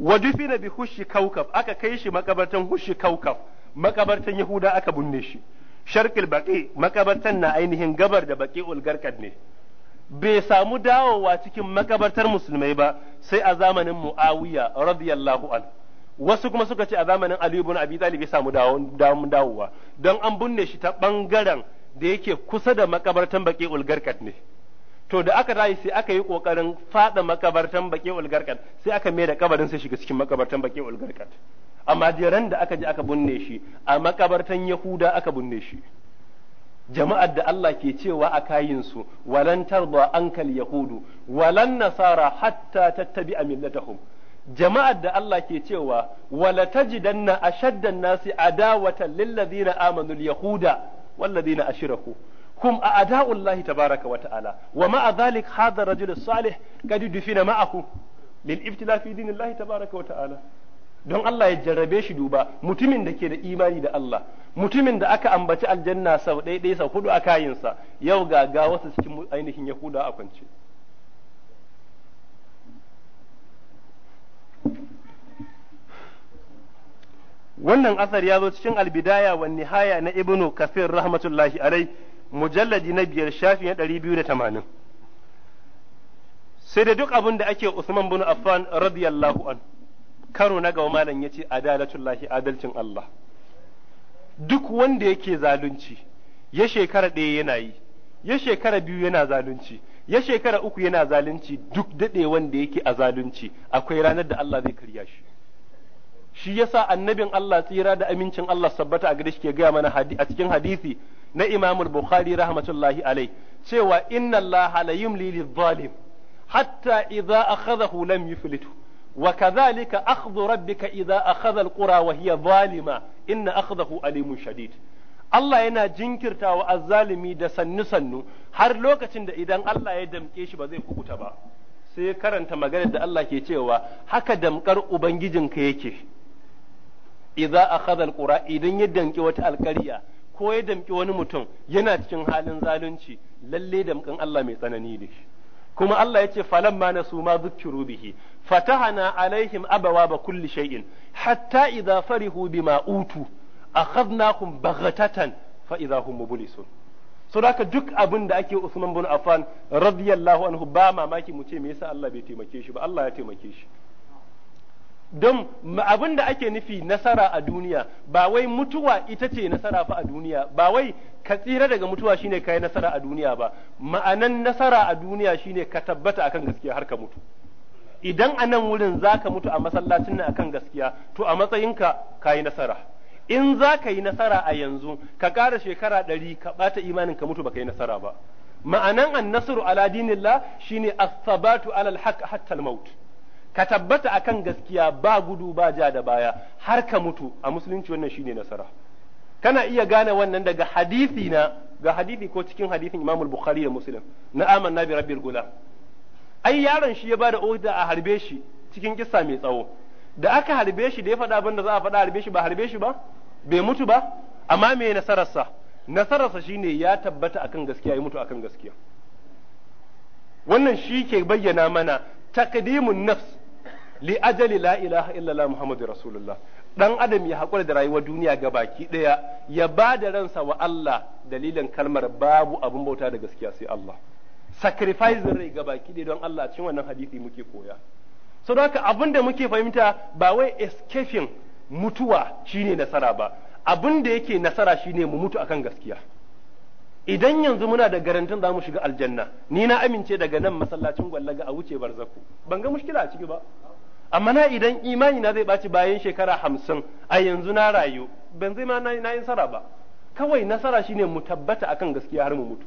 wa bi hushi kaukaf aka kai shi makabartan hushi kaukaf makabartan yahuda aka binne shi sharqil baqi makabartan na ainihin gabar da baƙi garkad ne bai samu dawowa cikin makabartar musulmai ba sai a zamanin muawiya radiyallahu an wasu kuma suka ce a zamanin ali ibn abi talib ya samu dawowa don an binne shi ta bangaren da yake kusa da makabartan baƙi garkad ne to da aka tashi sai aka yi kokarin fada makabartan baki ulgarkat sai aka mai da kabarin sai shiga cikin makabartan baki ulgarkat amma jiran da aka ji aka binne shi a makabartan yahuda aka binne shi jama'ar da Allah ke cewa a kayin su walan tarda ankal yahudu walan nasara hatta tattabi a millatahum jama'ar da Allah ke cewa wala tajidanna ashaddan nasi adawatan lil ladina amanu al yahuda wal ladina ashraku Kum a ada'ullahi tabaraka wa ta'ala wa ma'a dhalik hadha rajul salih kad dufina ma'ahu lil ibtila fi dinillahi tabaraka wa ta'ala don Allah ya jarrabe shi duba mutumin da ke da imani da Allah mutumin da aka ambaci aljanna sau ɗaya ɗaya sau hudu a sa yau ga ga wasu cikin ainihin yahuda a kwance wannan asar ya zo cikin albidaya wa nihaya na ibnu kafir rahmatullahi alai mujalladi na biyar shafi na ɗari biyu da tamanin sai da duk abin da ake Usman bin Affan radiyallahu an karo na gaba malam ya ce adalatullahi adalcin Allah duk wanda yake zalunci ya shekara ɗaya yana yi ya shekara biyu yana zalunci ya shekara uku yana zalunci duk daɗe wanda yake a zalunci akwai ranar da Allah zai karya shi shi yasa annabin Allah tsira da amincin Allah sabbata a gare shi ke gaya mana a cikin hadisi na Imam Bukhari rahmatullahi alai cewa inna Allah la yumli lidh-dhalim hatta idza akhadhahu lam yuflitu wa kadhalika akhdhu rabbika idza akhadha al-qura wa hiya zalima inna akhdahu alimun shadid Allah yana jinkirtawa azzalimi da sannu sannu har lokacin da idan Allah ya damke shi ba zai kukuta ba sai karanta maganar da Allah ke cewa haka damkar ubangijinka yake idza akhadha al-qura idan ya danki wata alƙarya ko ya damƙi wani mutum yana cikin halin zalunci lalle damƙin Allah mai tsanani ne kuma Allah yace falamma nasu ma dhukkiru bihi fatahana alaihim ba kulli shay'in hatta idza farihu bima utu akhadnahum baghatatan fa idza hum mublisun so haka duk abin da ake Usman bin Affan radiyallahu anhu ba mamaki mu ce me yasa Allah bai taimake shi ba Allah ya taimake shi don abin da ake nufi nasara a duniya ba wai mutuwa ita ce nasara fa a duniya ba wai ka tsira daga mutuwa shine kai nasara a duniya ba ma'anan nasara a duniya shine ka tabbata akan gaskiya har ka mutu idan a nan wurin zaka mutu a masallacin nan akan gaskiya to a matsayinka kayi nasara in za ka yi nasara a yanzu ka ƙara shekara ɗari ka ɓata imanin ka mutu ka yi nasara ba ma'anan annasru ala dinillah shine as-sabatu alal haqq hatta al-maut ka tabbata akan gaskiya ba gudu ba ja da baya har ka mutu a musulunci wannan shine nasara kana iya gane wannan daga hadisi na ga hadisi ko cikin hadisin Imam Bukhari da Muslim na amanna bi rabbil gula ai yaron shi ya da oda a harbe shi cikin kisa mai tsawo da aka harbe shi da ya faɗa abin da za a faɗa harbe shi ba harbe shi ba bai mutu ba amma me nasararsa nasararsa shine ya tabbata akan gaskiya ya mutu akan gaskiya wannan shi ke bayyana mana takdimun nafs li ajali la ilaha illallah muhammadu rasulullah dan adam ya haƙura da rayuwar duniya ga baki ɗaya ya ba da ransa wa Allah dalilin kalmar babu abin bauta da gaskiya sai Allah sacrifice rai ga baki ɗaya don Allah cikin wannan hadisi muke koya so don haka abin da muke fahimta ba wai escaping mutuwa shine nasara ba abinda da yake nasara shine mu mutu akan gaskiya idan yanzu muna da garantin za mu shiga aljanna ni na amince daga nan masallacin gwallaga a wuce barzaku ban ga mushkila a ciki ba amma na idan imani na zai ɓaci bayan shekara hamsin a yanzu na rayu ban zai ma na yi nasara ba kawai nasara shine mu tabbata akan gaskiya har mu mutu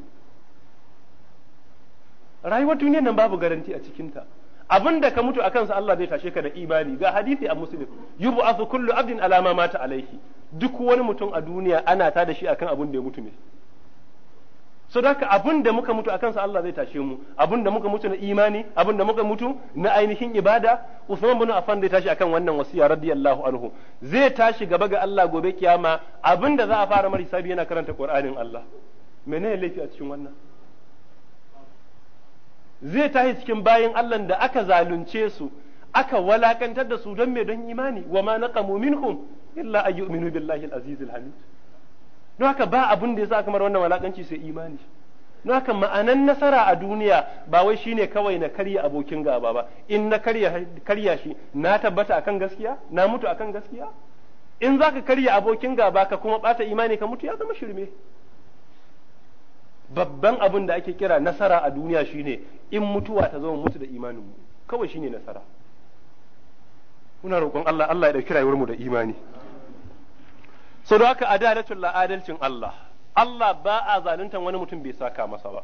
rayuwar duniyar nan babu garanti a cikinta abin da ka mutu a kansa Allah zai tashe ka da imani ga hadisi a muslim yubu asu kullu abdin alama mata alaihi duk wani mutum a duniya ana ta da shi akan abin da ya mutu ne so haka abin da muka mutu a kansa Allah zai tashe mu abin da muka mutu na imani abin da muka mutu na ainihin ibada Usman bin Affan zai tashi akan wannan wasiya radiyallahu anhu zai tashi gaba ga Allah gobe kiyama abin da za a fara mari sabi yana karanta Qur'anin Allah menene laifi a cikin wannan zai tashi cikin bayin Allah da aka zalunce su aka walakantar da su don me don imani wa ma naqamu minhum illa ayyuminu billahi al-azizil hamid don haka ba abin da ya sa kamar wannan walakanci sai imani don haka ma'anan nasara a duniya ba wai shine kawai na karya abokin gaba ba in na karya shi na tabbata akan gaskiya na mutu akan gaskiya in zaka karya abokin gaba ka kuma bata imani ka mutu ya zama shirme babban abin da ake kira nasara a duniya shine in mutuwa ta zama mutu da imanin mu kawai shine nasara muna roƙon Allah Allah ya dauki rayuwar mu da imani so da haka adalatul la adalcin Allah Allah ba a zaluntan wani mutum bai saka masa ba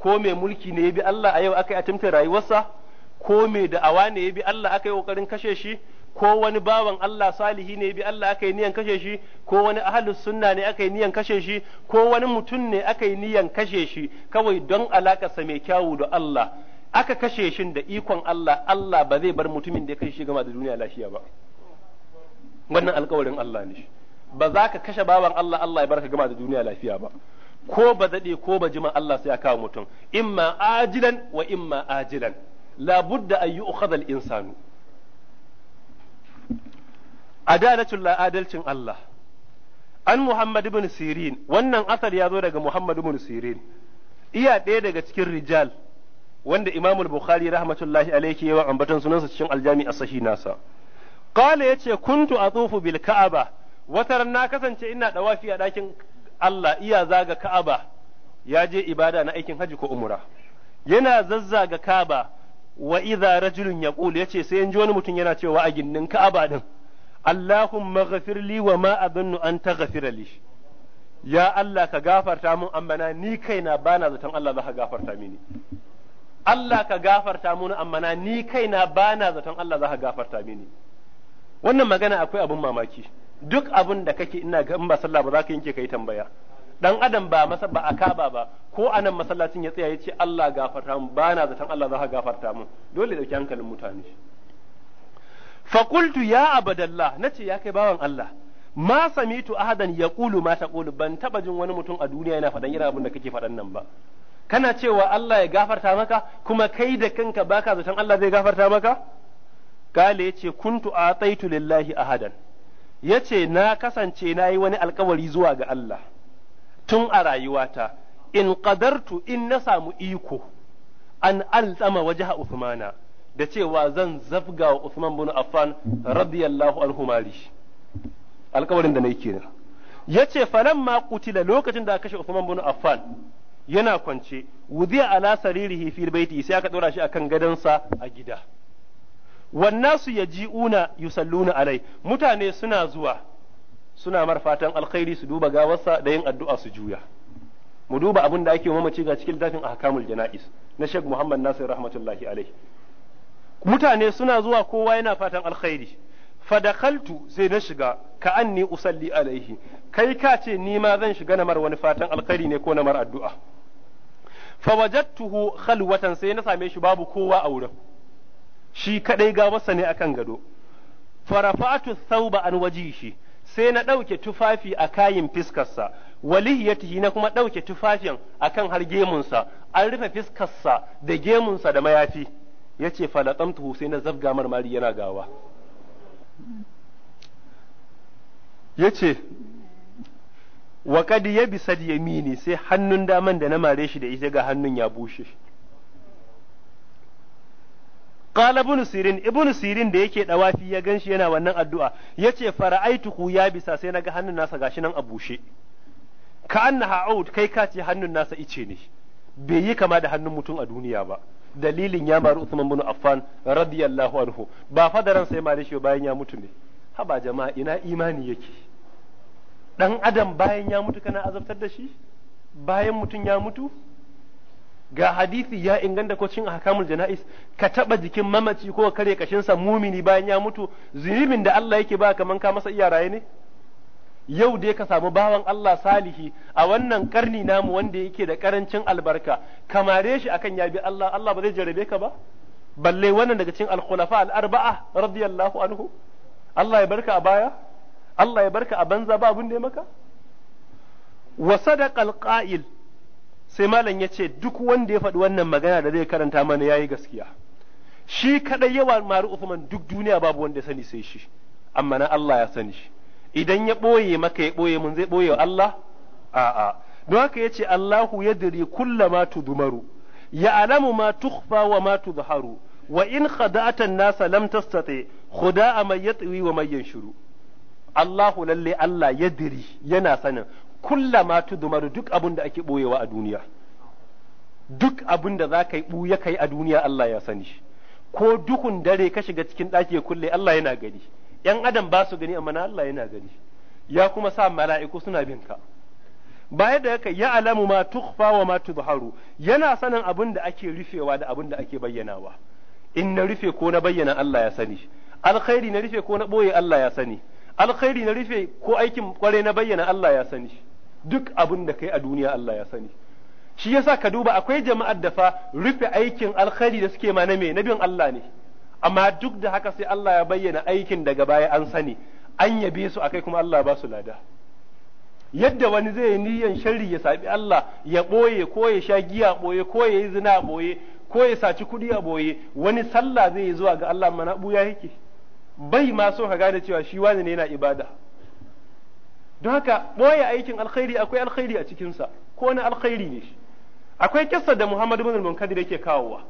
ko mai mulki ne ya bi Allah a yau aka yi atimta rayuwarsa ko mai da'awa ne ya bi Allah aka yi kokarin kashe shi ko wani bawan Allah salihi ne bi Allah aka yi niyan kashe shi ko wani ahlus sunna ne aka yi niyan kashe shi ko wani mutum ne aka yi niyan kashe shi kawai don alakarsa mai kyawu da Allah aka kashe shi da ikon Allah Allah ba zai bar mutumin da ya kashe shi gama da duniya lafiya ba wannan alkawarin Allah ne ba za ka kashe baban Allah Allah ya baraka gama da duniya lafiya ba ko ba zade ko ba jima Allah sai ya kawo mutum imma ajilan wa imma ajilan labudda an yi al insanu adalatul la adalcin Allah an Muhammad ibn Sirin wannan asar ya zo daga Muhammad ibn Sirin iya ɗaya daga cikin rijal wanda Imam Bukhari rahmatullahi alayhi yawan ambaton sunansa cikin aljami as-sahih nasa qala yace kuntu atufu bil ka'aba wata ran na kasance ina dawafi a ɗakin Allah iya zaga Ka'aba ya je ibada na aikin haji ko umra yana zazzaga Ka'aba wa idza rajulun yaqul yace sai yanzu wani mutum yana cewa a ginnin Ka'aba din Allahumma ghafir li wa ma adunnu an taghfira li ya Allah ka gafarta mun amma na ni kaina bana zaton Allah za ka gafarta mini Allah ka gafarta mun amma na ni kaina bana zaton Allah za ka gafarta mini wannan magana akwai abun mamaki duk abin da kake ina ga in ba sallah ba za ka yanke kai tambaya dan adam ba masa ba a kaba ba ko anan masallacin ya tsaya ya ce Allah gafarta mu bana zaton Allah za ka gafarta mu dole dauki hankalin mutane fa qultu ya abadallah nace ya kai bawan Allah ma samitu ahadan yaqulu ma taqulu ban taba jin wani mutum a duniya yana fadan irin abin da kake fadan nan ba kana cewa Allah ya gafarta maka kuma kai da kanka baka zaton Allah zai gafarta maka kale ya yace kuntu ataitu lillahi ahadan Yace na kasance na yi wani alkawari zuwa ga Allah tun a rayuwata in qadartu in na samu iko an alzama wajaha Uthmana da cewa zan zafga wa Uthman bin Affan radiyallahu anhu mali alkawarin da na yi kenan yace ma qutila lokacin da kashe Uthman bin Affan yana kwance wudiya ala saririhi fil baiti sai aka dora shi akan gadansa a gida wannasu yaji'una yusalluna alai mutane suna zuwa suna marfatan alkhairi su duba gawarsa da yin addu'a su juya mu duba abin da ake mamaci ga cikin littafin ahkamul jana'is na shek Muhammad Nasir rahmatullahi alai. mutane suna zuwa kowa yana fatan alkhairi fadakaltu sai na shiga ka anni usalli alaihi kai ka ce ni ma zan shiga na mar wani fatan alkhairi ne ko na mar addu'a fa wajadtuhu khalwatan sai na same shi babu kowa a wurin shi kadai gawarsa ne akan gado farafatu sauba an shi sai na ɗauke tufafi a kayin fiskarsa walihiyatihi na kuma ɗauke tufafin akan har gemunsa an rufe fiskarsa da gemunsa da mayafi yace falaqamtuhu sai na zabga marmari yana gawa yace wa kad yabisa yamini sai hannun daman da na mare shi da ita ga hannun ya bushe qala bunu sirin ibn sirin da yake dawafi ya ganshi yana wannan addu'a yace fara'aituhu ya bisa sai naga hannun nasa gashi nan a bushe ka annaha aud kai ka ce hannun nasa ice ne bai yi kama da hannun mutum a duniya ba dalilin ya maru Usman bin Affan radiyallahu anhu ba fadaran sai ma shi bayan ya mutu ne haba jama'a ina imani yake dan adam bayan ya mutu kana azabtar da shi bayan mutum ya mutu ga hadisi ya inganta ko cikin ahkamul jana'is ka taba jikin mamaci ko ka kare kashin sa mumini bayan ya mutu zunubin da Allah yake ba kaman ka masa iyaraye ne yau dai ka samu bawan Allah salihi a wannan karni namu wanda yake da karancin albarka kamare shi akan ya bi Allah Allah ba zai jarabe ka ba balle wannan daga cikin al-khulafa al-arba'a radiyallahu anhu Allah ya barka a baya Allah ya barka a banza ba abun da ya maka wa sadaqa al-qa'il sai malam ya ce duk wanda ya faɗi wannan magana da zai karanta mana ya yi gaskiya shi kaɗai yawa maru Uthman duk duniya babu wanda ya sani sai shi amma na Allah ya sani shi idan ya ɓoye maka ya ɓoye mun zai ɓoye wa Allah a'a don haka yace Allahu yadri kullama ya alamu ma tukhfa wa ma tudharu wa in khada'ata an-nasa lam tastati khuda'a man yatwi wa man yanshuru Allahu lalle Allah yadri yana sanin Kulla kullama tudmaru duk abin da ake boyewa a duniya duk abin da za ka yi ɓuya ka yi a duniya Allah ya sani ko duhun dare ka shiga cikin ɗaki ya kulle Allah yana gani ‘yan adam ba su gani amma Allah yana gani ya kuma sa mala'iku suna bin ka baya da yaka ya alamu ma tukhfa wa ma tudharu yana sanin abin da ake rufewa da abin da ake bayyanawa in na rufe ko na bayyana Allah ya sani alkhairi na rufe ko na boye Allah ya sani alkhairi na rufe ko aikin kware na bayyana Allah ya sani duk abin da kai a duniya Allah ya sani shi yasa ka duba akwai jama'ar da fa rufe aikin alkhairi da suke ma na me nabin Allah ne amma duk da haka sai Allah ya bayyana aikin daga baya an sani an yabe su akai kuma Allah ba su lada yadda wani zai yi niyyan sharri ya sabi Allah ya boye ko ya sha giya boye ko ya yi zina boye ko ya saci kuɗi a boye wani sallah zai yi zuwa ga Allah mana buya yake bai ma so ka gane cewa shi wani ne yana ibada don haka boye aikin alkhairi akwai alkhairi a cikin sa ko na alkhairi ne akwai kissa da Muhammadu bin al-Munkadir yake kawowa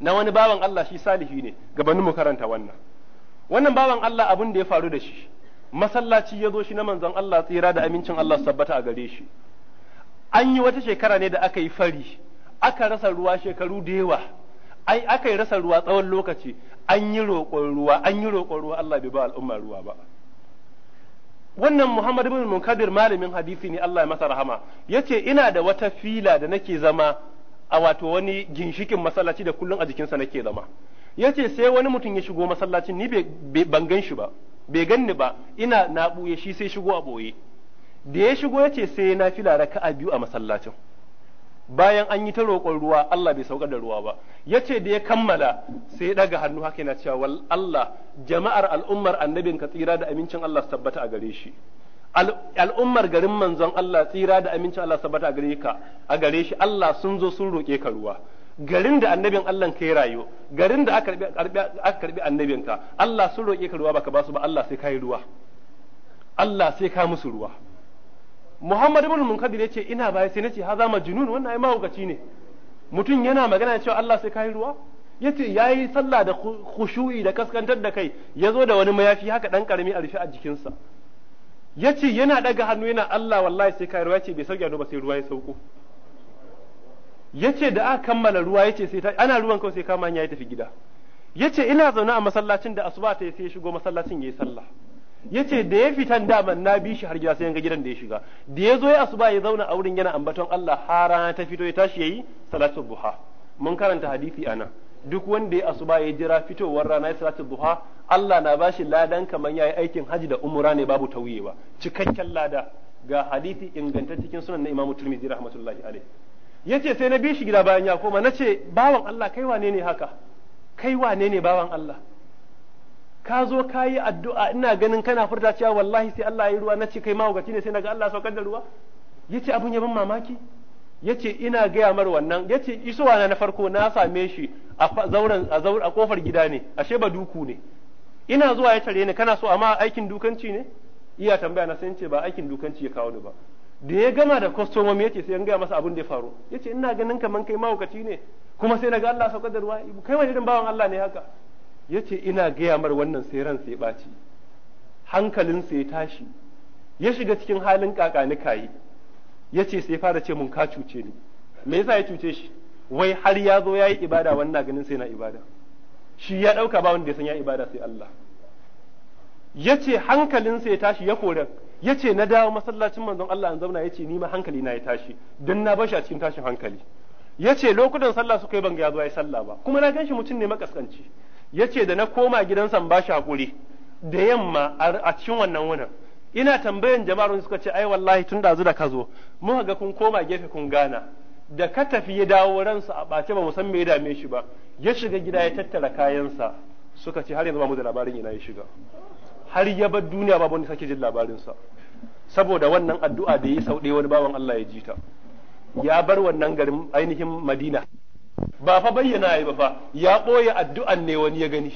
na wani bawan Allah shi salihi ne gabanin mu karanta wannan wannan bawan Allah abin da ya faru da shi masallaci ya zo shi na manzon Allah tsira da amincin Allah sabbata a gare shi an yi wata shekara ne da aka yi fari aka rasa ruwa shekaru da yawa ai aka yi rasa ruwa tsawon lokaci an yi roƙon ruwa an yi roƙon ruwa Allah bai ba al'umma ruwa ba wannan Muhammad ibn Munkadir malamin hadisi ne Allah ya masa rahama yace ina da wata fila da nake zama a wato wani ginshikin masallaci da kullun a jikin jikinsa nake zama yace sai wani mutum ya shigo masallacin ni ban gan shi ba bai ganni ba ina na buye shi sai shigo a boye da ya shigo yace sai na fila raka'a biyu a masallacin bayan an yi ta roƙon ruwa Allah bai saukar da ruwa ba yace da ya kammala sai ya daga hannu haka yana cewa wal Allah jama'ar al'ummar annabin ka tsira da amincin Allah su tabbata a gare shi al'ummar garin manzon Allah tsira da amincin Allah su tabbata a gare ka a gare shi Allah sun zo sun roƙe ka ruwa garin da annabin Allah ka yi rayo garin da aka karbi annabin ka Allah sun roƙe ka ruwa baka ba su ba Allah sai ka yi ruwa Allah sai ka musu ruwa Muhammad ibn Munkadir yace ina baya sai nace haza majnun wannan ai mahaukaci ne mutum yana magana cewa Allah sai kai ruwa yace yayi sallah da khushu'i da kaskantar da kai yazo da wani mayafi haka dan karami a rufe a jikinsa yace yana daga hannu yana Allah wallahi sai kai ruwa yace bai sauke ba sai ruwa ya sauko yace da aka kammala ruwa yace sai ana ruwan kawai sai kama ya tafi gida yace ina zaune a masallacin da asuba ta sai ya shigo masallacin yayi sallah yace da ya fitan daman na bi shi har gida sai yanga gidan da ya shiga da ya zo ya asuba ya zauna a wurin yana ambaton Allah har rana ta fito ya tashi yayi salatu duha mun karanta hadisi ana duk wanda ya asuba ya jira fitowar rana salatul salatu duha Allah na bashi ladan kaman yayi aikin haji da umra ne babu tauyewa cikakken lada ga hadisi inganta cikin sunan na Imam Tirmidhi rahmatullahi alaihi yace sai na bi shi gida bayan ya koma nace bawan Allah kai wane ne haka kai wane ne bawan Allah ka zo ka yi addu'a ina ganin kana furta cewa wallahi sai Allah ya yi ruwa na ce kai mahaukaci ne sai naga Allah saukar da ruwa ya abun ya ban mamaki ya ce ina gaya mar wannan ya ce isowa na farko na same shi a kofar gida ne ashe ba duku ne ina zuwa ya tare ni kana so amma aikin dukanci ne iya tambaya na sai ce ba aikin dukanci ya kawo ni ba da ya gama da kwastomomi ya ce sai an gaya masa abun da ya faru ya ce ina ganin kaman kai mawukaci ne kuma sai naga Allah saukar da ruwa kai wani irin bawan Allah ne haka yace ina gaya mar wannan sai ran sai ɓaci hankalin sai tashi ya shiga cikin halin kakani kayi yace sai fara ce mun ka cuce ni me yasa ya cuce shi wai har ya zo yayi ibada wannan ganin sai na ibada shi ya ɗauka ba wanda ya san ya ibada sai Allah yace hankalinsa ya tashi ya ya yace na dawo masallacin manzon Allah an zauna ya ce ni ma hankali na ya tashi dan na bashi a cikin tashin hankali yace lokutan sallah suka yi ban ga yazo yi sallah ba kuma na ganshi mutum ne makaskanci ya ce da na koma gidansa ba shi hakuri da yamma a cikin wannan wunin ina tambayan jama'ar suka ce ai wallahi tun da da ka zo muka ga kun koma gefe kun gana da ka tafi ya dawo ransa a ɓace ba san me ya dame shi ba ya shiga gida ya tattara kayansa suka ce har yanzu ba mu da labarin ina ya shiga har ya bar duniya babu wanda sake jin labarinsa saboda wannan addu'a da ya sau wani bawan Allah ya ji ta ya bar wannan garin ainihin Madina ba fa bayyana ya ba fa ya ɓoye addu'an ne wani ya gani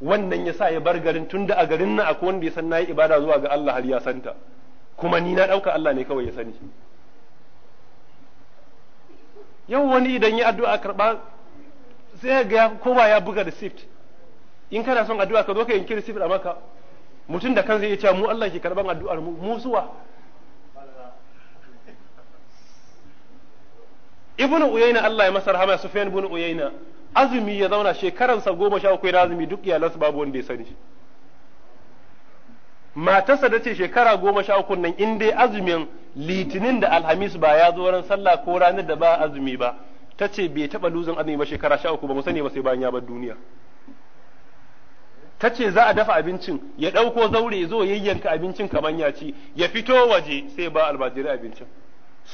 wannan ya sa ya bar garin tunda a garin nan akwai wanda ya san nayi ibada zuwa ga Allah har ya santa kuma ni na ɗauka Allah ne kawai ya sani yau wani idan ya addu'a karɓa sai ga kowa ya buga receipt in kana son addu'a ka zo ka yanki receipt a maka mutum da kansa ya ce mu Allah ke karban addu'ar mu mu suwa ibnu uyayna Allah ya masa rahama sufyan ibnu uyayna azumi ya zauna shekaransa goma sha uku yana azumi duk iyalansa babu wanda ya sani shi matarsa da ce shekara goma sha uku nan in dai azumin litinin da alhamis ba ya zo ran sallah ko ranar da ba azumi ba ta ce bai taba luzin azumi ba shekara sha uku ba mu sani ba sai bayan ya bar duniya ta ce za a dafa abincin ya ɗauko zaure zo yayyanka abincin kamar ya ci ya fito waje sai ba almajirai abincin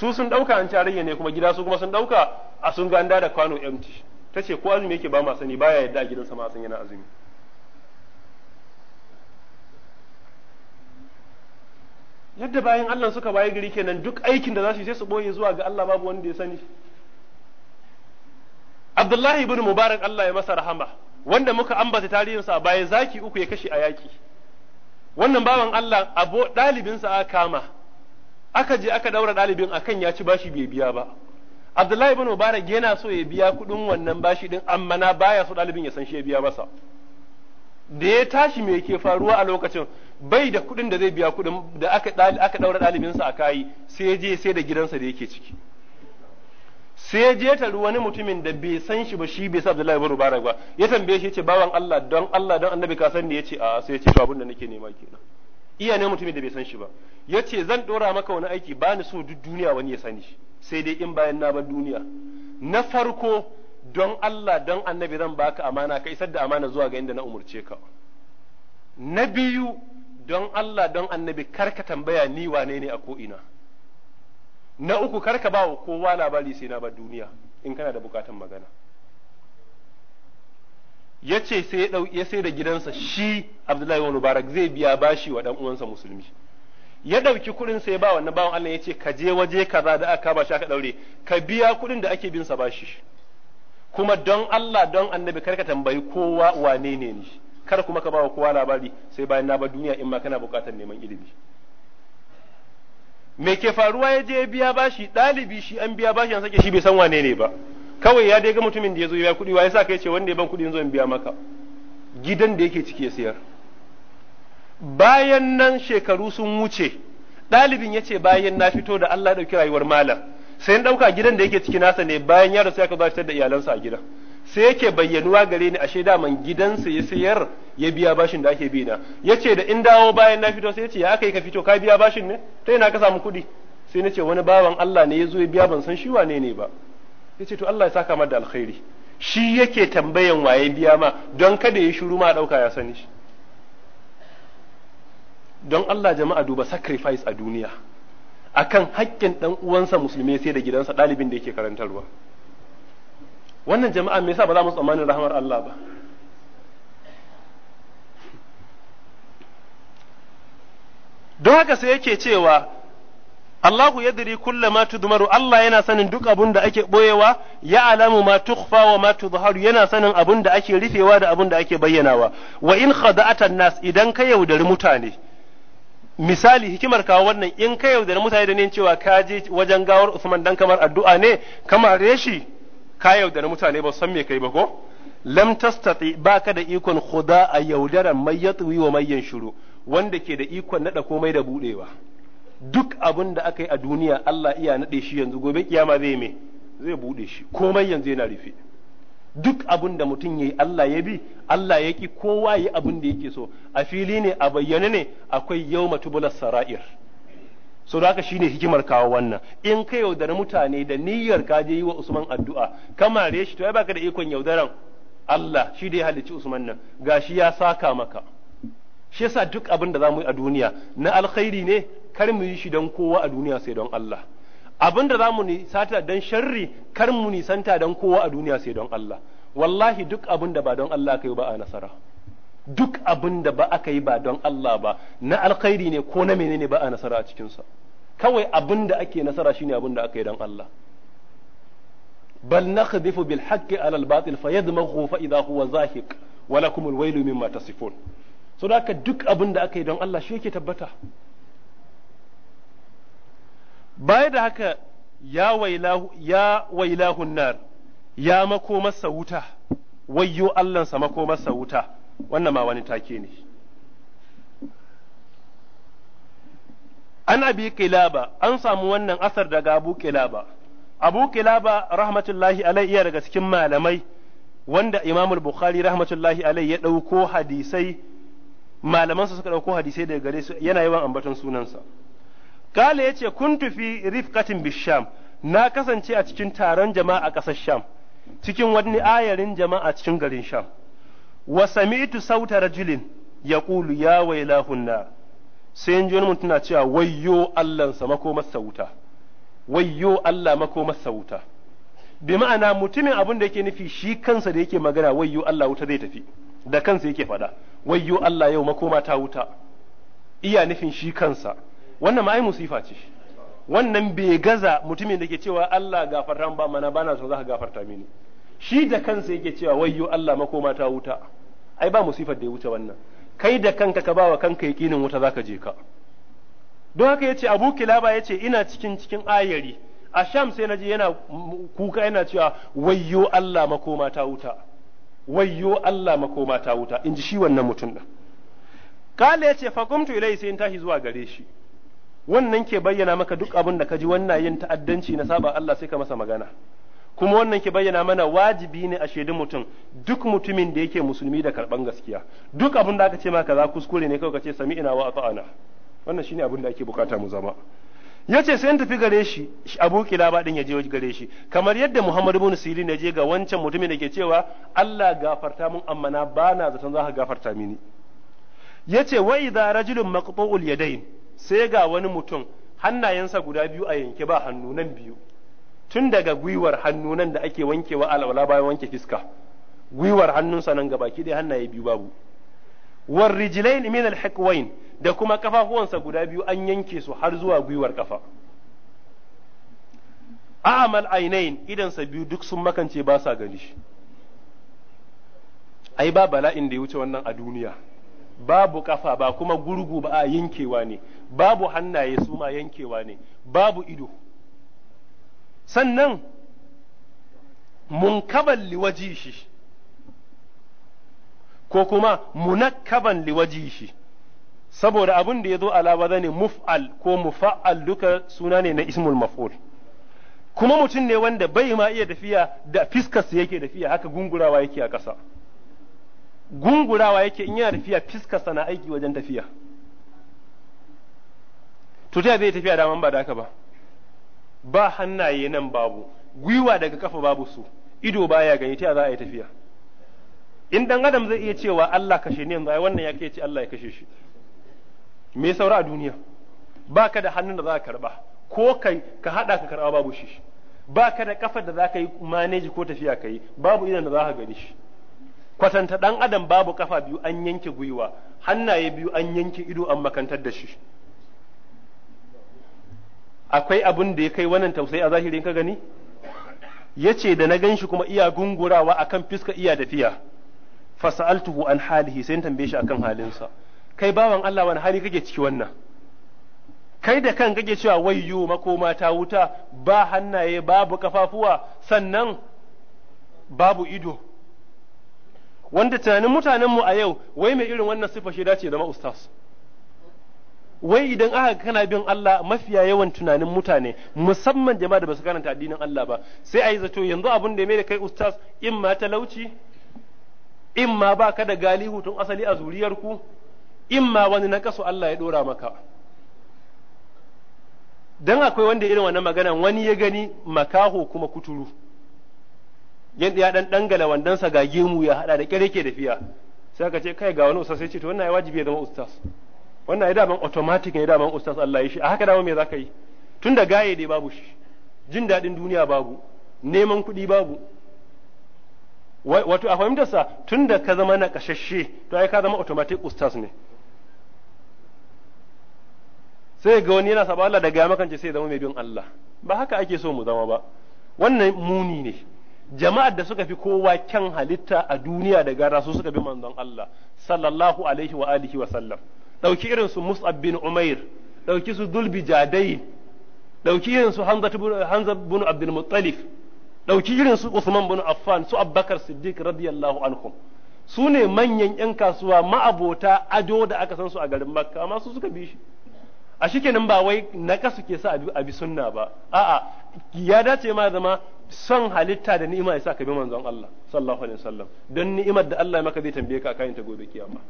su sun ɗauka an tarayya ne kuma gida su kuma sun dauka a sun ganda da kwano empty tace ko azumi yake ba ma sani baya yadda a gidansa ma san yana azumi yadda bayan Allah suka waye gari kenan duk aikin da za su yi sai su boye zuwa ga Allah babu wanda ya sani Abdullahi ibn Mubarak Allah ya masa rahama wanda muka ambata tarihinsa a baya zaki uku ya kashe a yaki wannan bawan Allah abo sa aka kama aka je aka daura ɗalibin akan ya ci bashi bai biya ba Abdullahi ibn Mubarak yana so ya biya kuɗin wannan bashi din amma na baya so ɗalibin ya san shi ya biya masa da ya tashi me yake faruwa a lokacin bai da kuɗin da zai biya kuɗin da aka aka daura ɗalibinsa a yi sai je sai da gidansa da yake ciki sai je ta wani mutumin da bai san shi ba shi bai sa Abdullahi ibn Mubarak ba ya tambaye shi ya ce bawan Allah don Allah don Annabi ka san ne ya ce a sai ya ce to abin da nake nema kenan iya ne mutumin da bai san shi ba ya ce zan dora maka wani aiki ba ni so duk duniya wani ya sani shi sai dai in bayan na bar duniya na farko don Allah don annabi zan baka amana ka isar da amana zuwa ga inda na umurce ka na biyu don Allah don annabi karka tambaya ni wane ne a ko'ina na uku karka ba wa kowa labari sai na bar duniya in kana da bukatan magana ya ce sai ya sai da gidansa shi Abdullahi ibn Mubarak zai biya bashi wa ɗan uwansa musulmi ya ɗauki kuɗin sai ba wannan bawan Allah ya ce ka je waje kaza da aka ba shi aka daure ka biya kuɗin da ake bin sa bashi kuma don Allah don annabi ka tambayi kowa wane ne ni kar kuma ka bawa kowa labari sai bayan na ba duniya in ma kana bukatar neman ilimi me ke faruwa ya je biya bashi ɗalibi shi an biya bashi an sake shi bai san wane ne ba kawai ya dai ga mutumin da ya zo ya kuɗi wa yasa kai ce wanda ya ban kuɗi zo in biya maka gidan da yake ciki ya siyar bayan nan shekaru sun wuce ɗalibin ya ce bayan na fito da Allah ya ɗauki rayuwar malam sai ɗauka gidan da yake ciki nasa ne bayan ya rasu ya ka fitar da iyalansa a gidan sai yake bayyanuwa gare ni ashe daman gidansa ya sayar ya biya bashin da ake bi na yace da in dawo bayan na fito sai yace ya aka yi ka fito ka biya bashin ne ta ina ka samu kuɗi sai na ce wani bawan Allah ne ya zo ya biya ban san shi wane ne ba yace to Allah ya saka mata da alkhairi shi yake tambayan waye biya ma don kada ya shiru ma dauka ya sani shi don Allah jama'a duba sacrifice a duniya akan haƙƙin dan uwansa musulmi sai da gidansa ɗalibin da yake karantarwa wannan jama'a me yasa ba za mu tsammanin rahmar Allah ba don haka sai yake cewa Allahu yadri diri ma tudmaru Allah yana sanin duk abun da ake boyewa ya alamu ma tukhfa wa ma tudharu yana sanin abun da ake rufewa da abun da ake bayyanawa wa in khada'atan nas idan ka yaudari mutane misali hikimar kawo wannan in ka yaudari mutane da ne cewa ka je wajen gawar Usman dan kamar addu'a ne kamar reshi ka yaudari mutane ba san me kai ba ko lam tastati baka da ikon khuda a yaudaran mai yatwi wa mai yanshuru wanda ke da ikon nada komai da budewa duk abin da aka yi a duniya Allah iya naɗe shi yanzu gobe kiyama zai me zai buɗe shi komai yanzu yana rufe duk abin da mutum ya yi Allah ya bi Allah ya ki kowa yi abin da yake so a fili ne a bayyane ne akwai yau matubular sara'ir so da haka ne hikimar kawo wannan in ka yaudara mutane da niyyar ka je yi wa Usman addu'a kamare shi to ya baka da ikon yaudaran Allah shi da ya halicci Usman nan gashi ya saka maka shi yasa duk abin da za mu yi a duniya na alkhairi ne kar mu yi shi don kowa a duniya sai don Allah abin da za mu nisanta don sharri kar mu nisanta don kowa a duniya sai don Allah wallahi duk abin da ba don Allah ka yi ba a nasara duk abin da ba aka yi ba don Allah ba na alkhairi ne ko na menene ba a nasara a cikinsa kawai abin da ake nasara shine abin da aka yi don Allah bal nakhdhifu bil haqqi ala al batil fayadmaghu fa idha huwa zahiq wa lakum al waylu mimma tasifun so da duk abin da aka yi don Allah shi yake tabbata baya da haka ya wai lahunar ya mako masa wuta wayyo allansa mako masa wuta wannan ma wani take ne an abi kilaba an samu wannan asar daga abu kilaba abu kilaba rahmatullahi alai iya daga cikin malamai wanda imamul bukhari rahmatullahi alai ya ɗauko hadisai malamansa suka ɗauko hadisai daga gare su yana yawan ambaton sunansa Kale ya ce kun tufi rifkatin bisham na kasance a cikin taron jama'a a ƙasar Sham cikin wani ayarin jama'a cikin garin Sham wa sami'tu sauta rajulin yaqulu ya wailahunna sai ji wani mutum cewa wayyo Allahnsa makomar sauta wayyo Allah makomar wuta bi ma'ana mutumin abin da yake nufi shi kansa da yake magana wayyo Allah wuta zai tafi da kansa yake faɗa wayyo Allah yau makoma ta wuta iya nufin shi kansa wannan ma ai musifa ce wannan bai gaza mutumin da ke cewa Allah gafarta ba mana bana so za ka gafarta mini shi da kansa yake cewa wayyo Allah makoma ta wuta ai ba musifar da ya wuce wannan kai da kanka ka bawa kanka yakinin wuta zaka je ka don haka ce Abu Kilaba yace ina cikin cikin ayari a Sham sai na je yana kuka yana cewa wayyo Allah makoma ta wuta wayyo Allah makoma ta wuta inji shi wannan mutum din kale yace faqumtu ilayhi sai in tashi zuwa gare shi wannan ke bayyana maka duk abin da ka wannan yin ta'addanci na saba Allah sai ka masa magana kuma wannan ke bayyana mana wajibi ne a shaidu mutum duk mutumin da yake musulmi da karban gaskiya duk abin da aka ce maka za kuskure ne kawai ka ce sami'ina wa ata'ana wannan shine abin da ake bukata mu zama ya ce sai tafi gare shi abu kilaba din ya je gare shi kamar yadda muhammad ibn sirin ya je ga wancan mutumin da ke cewa Allah gafarta mun amma na bana zaton za ka gafarta mini yace wa idza rajulun maqtu'ul yadayn sai ga wani mutum hannayensa guda biyu a yanke ba hannu nan biyu tun daga gwiwar hannu nan da ake wankewa alwala bayan wanke fiska gwiwar hannunsa nan ga baki ɗaya hannaye biyu babu war rijlain min al da kuma kafafuwansa guda biyu an yanke su har zuwa gwiwar kafa a'mal ainain idansa biyu duk sun makance ba sa gani ai ba bala'in da ya wuce wannan a duniya babu kafa ba kuma gurgu ba a yankewa ne babu hannaye su ma yankewa ne babu ido sannan munkaban liwaji shi ko kuma munakkaban liwaji shi saboda abin da ya zo alabada ne muf'al ko mufa'al duka suna ne na ismul maf'ul kuma mutum ne wanda bai ma iya tafiya da fiskarsa yake tafiya haka gungurawa yake a ƙasa gungurawa yake in yana tafiya fiskarsa na aiki wajen tafiya to ta zai tafiya daman ba da haka ba ba hannaye nan babu gwiwa daga kafa babu su ido baya gani ta za a yi tafiya in dan adam zai iya cewa Allah kashe ni yanzu ai wannan ya kai ce Allah ya kashe shi me saura a duniya baka da hannun da za ka karba ko kai ka hada ka karba babu shi baka da kafar da za ka yi manage ko tafiya ka yi babu idan da za ka gani shi kwatanta dan adam babu kafa biyu an yanke gwiwa hannaye biyu an yanke ido an makantar da shi akwai abin da ya kai wannan tausayi a zahirin ka gani yace da na ganshi kuma iya gungurawa akan fiska iya da fiya an halihi sai tambaye shi akan halinsa kai bawan Allah wani hali kake ciki wannan kai da kan kake cewa wayyo makoma ta wuta ba hannaye babu kafafuwa sannan babu ido wanda tunanin mutanen mu a yau wai mai irin wannan sifa shi dace ma ustaz wai idan aka kana bin Allah mafiya yawan tunanin mutane musamman jama'a da basu karanta addinin Allah ba sai a yi zato yanzu abin da ya mai da kai ustaz in ma talauci in ma ba ka da galihu tun asali a zuriyar ku in ma wani na kaso Allah ya dora maka dan akwai wanda irin wannan magana wani ya gani makaho kuma kuturu yadda ya dan dangala wandansa ga gemu ya hada da kyarke da fiya sai ka ce kai ga wani ustaz sai ce to wannan ya wajibi ya zama ustaz wannan ai daman automatic ne daman ustaz Allah ya shi a haka dama me zaka yi tunda gaye dai babu shi jin daɗin duniya babu neman kuɗi babu wato a sa tunda ka zama na kashashe to ai ka zama automatic ustaz ne sai ga wani yana saba Allah da gaya makance sai zama mai bin Allah ba haka ake so mu zama ba wannan muni ne jama'ar da suka fi kowa kyan halitta a duniya da gara su suka bi manzon Allah sallallahu alaihi wa alihi wa sallam ɗauki irin su Mus'ab bin Umair ɗauki su Dulbi Jadai ɗauki irin su Hamza bin Abdul Muttalif, ɗauki irin su Usman bin Affan su Abubakar Siddiq radiyallahu anhum su ne manyan 'yan kasuwa ma'abota ado da aka san su a garin Makka amma su suka bi shi a shi kenan ba wai na kasu ke sa a bi sunna ba a'a ya dace ma zama son halitta da ni'ima ya sa ka bi manzon Allah sallallahu alaihi wasallam don ni'imar da Allah ya maka zai tambaye ka kayan ta gobe kiyama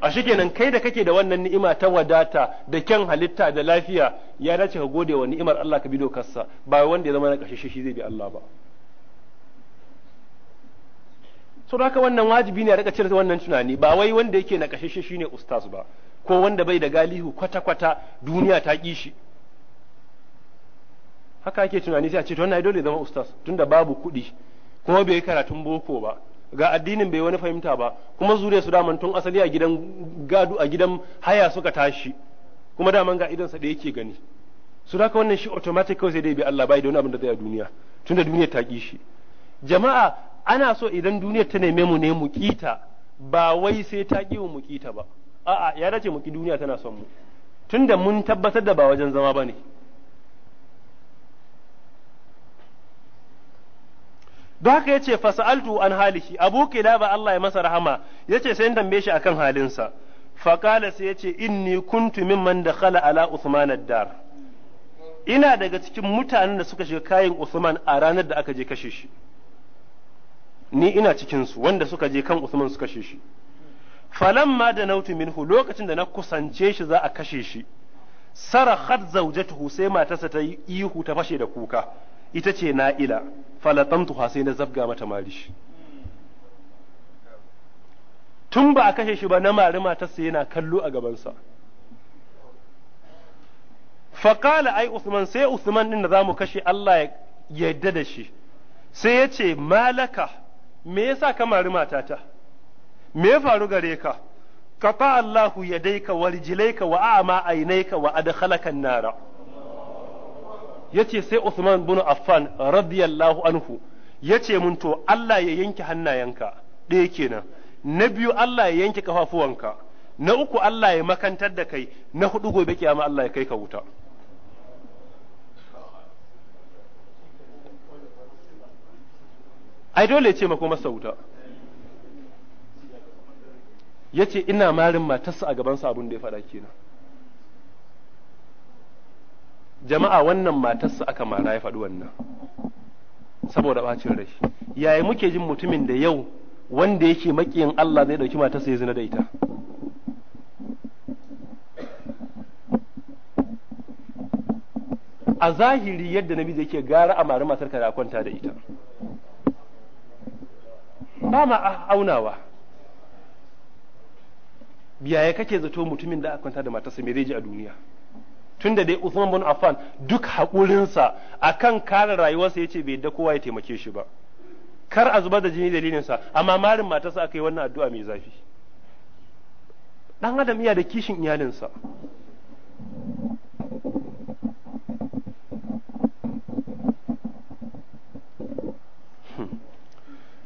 a kenan kai da kake da wannan ni'ima ta wadata da kyan halitta da lafiya ya dace ka gode wa ni'imar Allah ka bi kassa ba wanda ya zama na kashe shi zai bi Allah ba so haka wannan wajibi ne a rika cire wannan tunani ba wai wanda yake na kashe shi ne ustaz ba ko wanda bai da galihu kwata kwata duniya ta ki shi haka ake tunani sai a ce to wannan dole zama ustaz tunda babu kuɗi kuma bai karatun boko ba ga addinin bai wani fahimta ba kuma zuriya su daman tun asali a gidan gadu a gidan haya suka tashi kuma daman ga idonsa da yake gani su ka wannan shi automatic kawai sai dai bi Allah bai da wani abin da zai a duniya tunda duniya ta ki shi jama'a ana so idan duniyar ta neme mu ne mu kita ba wai sai ta ki mu kita ba a'a ya dace mu ki duniya tana son mu tunda mun tabbatar da ba wajen zama bane don haka yace fasaltu an halihi abu ba Allah ya masa rahama yace sai tambaye shi akan halinsa fa qala sai yace inni kuntu mimman khala ala Usman ad-dar ina daga cikin mutanen da suka shiga kayan Usman a ranar da aka je kashe shi ni ina cikin wanda suka je kan Usman suka kashe shi falamma da nautu minhu lokacin da na kusance shi za a kashe shi sarakhat zawjatuhu sai matarsa ta yi ihu ta fashe da kuka ita ce na'ila falatantuha sai na zabga mata mari tun ba a kashe shi ba na mari matarsa yana kallo a gabansa faƙala ai usman sai usman din da za mu kashe Allah ya yarda da shi sai ya ce malaka me yasa ka mari matata me ya faru gare ka kafa Allahu yadaika wa rijlaika wa a'ma aynaika wa adkhalaka nara yace sai Uthman bin Affan radiyallahu anhu yace mun to Allah ya yanke hannayenka ɗaya kenan na biyu Allah ya yanke kafafuwanka na uku Allah ya makantar da kai na hudu gobe kiyama Allah ya kai ka wuta ai dole ya ce mako masa wuta yace ina marin matarsa a gabansa abin da ya faɗa kenan jama'a wannan matarsa aka mara ya faɗi wannan saboda ɓacin rai yaya muke jin mutumin da yau wanda yake maƙiyin Allah zai ɗauki matarsa ya zina da ita a zahiri yadda namiji yake gara a mari matarka da kwanta da ita ba ma aunawa yaya kake zato mutumin da kwanta da matarsa mai zai ji a duniya tunda dai Uthman bin Affan duk haƙurinsa akan kare rayuwarsa yace bai da kowa ya taimake shi ba kar a zubar da jini dalilinsa amma marin matarsa aka yi wannan addu'a mai zafi dan adam iya da kishin iyalinsa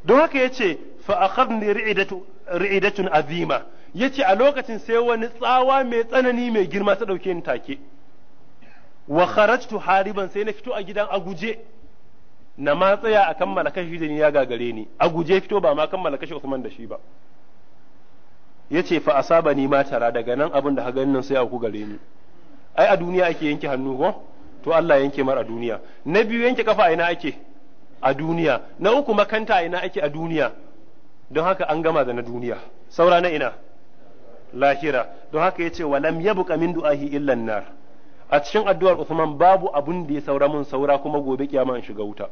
don haka yace fa akhadni ri'idatu ri'idatun azima yace a lokacin sai wani tsawa mai tsanani mai girma ta dauke ni take wa kharajtu hariban sai na fito a gidan aguje na ma tsaya a kammala kashi shi ni ya gagare ni a fito ba ma kammala kashe Usman da shi ba yace fa asaba ni ma tara daga nan abin da hagan nan sai a ku gare ni ai a duniya ake yanke hannu ko to Allah yanke mar duniya na biyu yanke kafa a ina ake a duniya na uku makanta a ina ake a duniya don haka an gama da na duniya saura na ina lahira don haka yace walam yabqa min du'ahi illa nar a cikin addu'ar Usman babu abun da ya saura mun saura kuma gobe kiyama in shiga wuta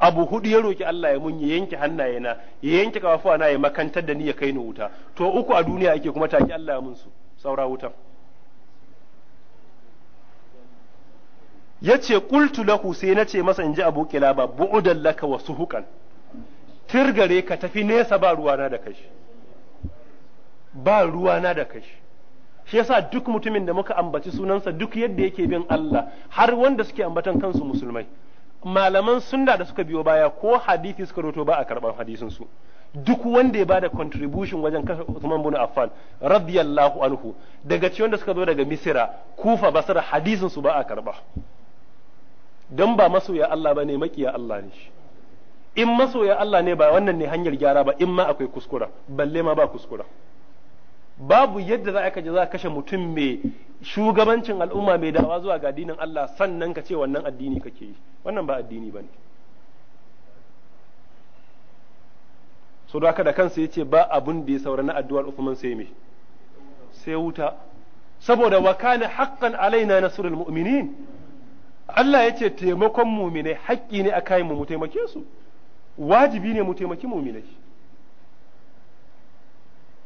abu hudu ya roki Allah ya mun ya yanke hannaye na ya yanke kafafuwa na ya makantar da ni ya kai ni wuta to uku a duniya ake kuma take Allah ya mun su saura wuta yace qultu lahu sai ce masa inji Abu Kilaba bu'udan laka wa suhuqan tirgare ka tafi nesa ba ruwana da kashi ba ruwana da kashi shi yasa duk mutumin da muka ambaci sunansa duk yadda yake bin Allah har wanda suke ambatan kansu musulmai malaman sunna da suka biyo baya ko hadisi suka roto ba a karban hadisin su duk wanda ya bada contribution wajen kashe Usman bin Affan radiyallahu anhu daga ciwon da suka zo daga Misira Kufa Basra hadisin su ba a karba dan ba masoya Allah bane makiya Allah ne shi in masoya Allah ne ba wannan ne hanyar gyara ba in ma akwai kuskura balle ma ba kuskura babu yadda za a je za kashe mutum mai shugabancin al'umma mai dawa zuwa ga addinin Allah sannan ka ce wannan addini kake yi wannan ba addini bane so da da kansa yace ba abun da ya saura na addu'ar Uthman sai me sai wuta saboda wa kana haqqan alaina nasrul mu'minin Allah yace taimakon mu'minai haƙƙi ne a kai mu mu taimake su wajibi ne mu taimaki mu'minai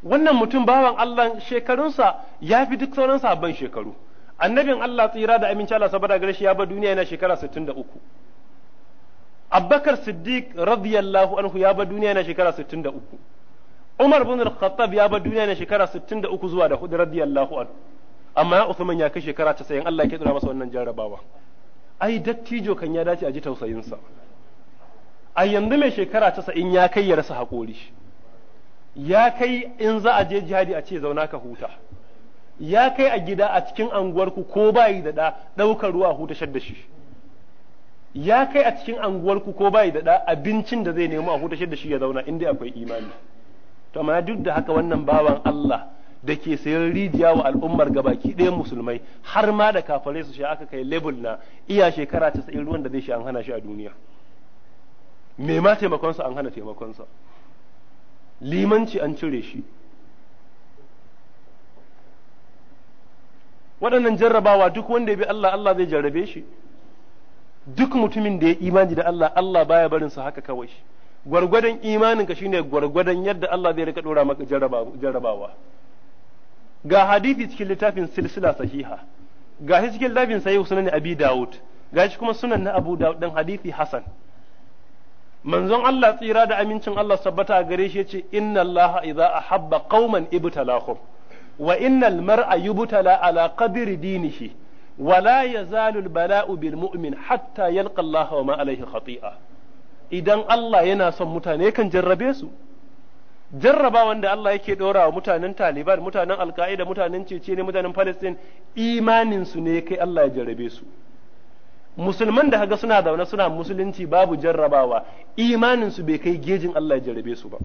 wannan mutum bawan Allah shekarunsa ya fi duk sauran sabon shekaru annabin Allah tsira da aminci Allah saboda gare shi ya ba duniya yana shekara 63 Abubakar Siddiq radiyallahu anhu ya ba duniya yana shekara 63 Umar bin Al-Khattab ya ba duniya yana shekara 63 zuwa da hudu radiyallahu anhu amma Uthman ya kai shekara 90 Allah ya tsira masa wannan jarrabawa ai dattijo kan ya dace a ji tausayinsa a yanzu mai shekara 90 ya kai ya rasa haƙori ya kai in za a je jihadi a ce zauna ka huta ya kai a gida a cikin anguwarku ko bayi da ɗa ɗaukar ruwa a huta shar da shi ya kai a cikin anguwarku ko bayi da ɗa abincin da zai nemo a huta shar da shi ya zauna in dai akwai imani to amma duk da haka wannan bawan Allah da ke sayan rijiya wa al'ummar gabaki ɗaya musulmai har ma da kafare su sha aka kai lebul na iya shekara 90 ruwan da zai sha an hana shi a duniya me ma taimakonsa an hana taimakonsa limanci an cire shi waɗannan jarrabawa duk wanda ya bi Allah Allah zai jarrabe shi duk mutumin da ya imani da Allah Allah baya barin sa haka kawai gwargwadon imaninka shine gwargwadon yadda Allah zai rika dora maka jarrabawa ga hadisi cikin littafin silsila sahiha ga shi cikin littafin sahihu sunan Abi Dawud ga shi kuma sunan na Abu Dawud dan hadisi Hasan manzon Allah tsira da amincin Allah sabbata a gare shi ce inna Allah idza ahabba qauman ibtalahum wa innal mar'a yubtala ala qadri dinihi wa la yazalu al bala'u bil mu'min hatta yalqa Allah wa ma alayhi khati'a idan Allah yana son mutane kan jarrabe su jarraba wanda Allah yake dora wa mutanen Taliban mutanen Al-Qaeda mutanen Cecene mutanen Palestine imanin su ne kai Allah ya jarrabe su musulman da kaga suna zaune suna musulunci babu jarrabawa imanin su bai kai gejin Allah ya jarrabe su ba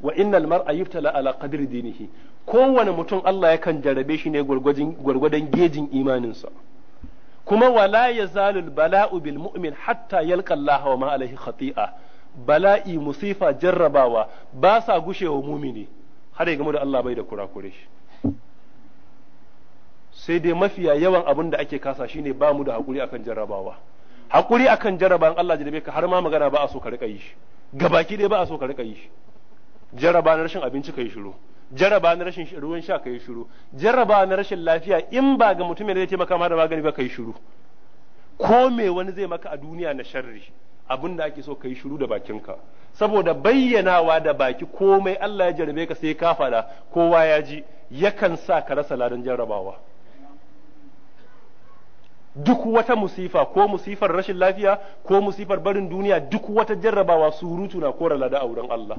wa innal mar'a yuftala ala qadri dinihi kowane mutum Allah yakan jarrabe shi ne gwargwadon gejin imaninsa kuma wala yazalul bala'u bil mu'min hatta yalqa Allah wa ma alaihi khati'a bala'i musifa jarrabawa ba sa gushewa mumini har ya gamu da Allah bai da kurakure shi sai dai mafiya yawan abin da ake kasa shine ba mu da hakuri akan jarrabawa hakuri akan jarrabawan Allah jarabe ka har ma magana ba a so ka rika yi shi gabaki dai ba a so ka rika yi shi jarraba na rashin abinci ka yi shiru jarraba na rashin ruwan sha ka yi shiru jarraba na rashin lafiya in ba ga mutumin da zai taimaka ma da magani ba ka yi shiru ko me wani zai maka a duniya na sharri abin da ake so ka yi shiru da bakinka saboda bayyanawa da baki komai Allah ya jarabe ka sai ka fada kowa ya ji yakan sa ka rasa ladan jarrabawa duk wata musifa ko musifar rashin lafiya ko musifar barin duniya duk wata jarrabawa surutu na kora lada auren Allah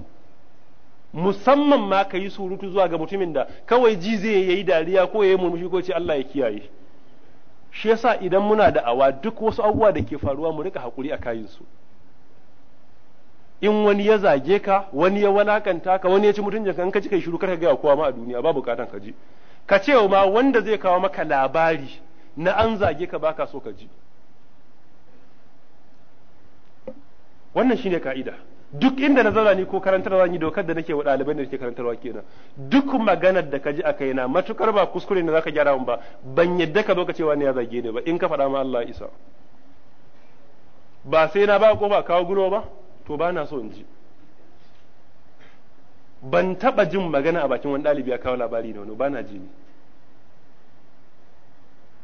musamman ma ka yi surutu zuwa ga mutumin da kawai ji zai yayi dariya ko yayi murmushi ko ce Allah ya kiyaye shi yasa idan muna da awa duk wasu abubuwa da ke faruwa mu rika hakuri a kayin su in wani ya zage ka wani ya walakanta ka wani ya ci mutuncin ka in ka ji kai shiru kar ka ga kowa ma a duniya ba bukatan ka ji ka ce ma wanda zai kawo maka labari na an zage ka baka so ka ji wannan shine ka'ida duk inda na zauna ni ko karantar zan dokar da nake wa ɗalibai da nake karantarwa kenan duk maganar da ka ji a kaina matukar ba kuskure ne ka gyara mun ba ban yadda ka zo ka cewa ne ya zage ni ba in ka faɗa ma Allah isa ba sai na ba kofa kawo gulo ba to ba na so in ji ban taɓa jin magana a bakin wani ɗalibi ya kawo labari ne wani ba na ji ne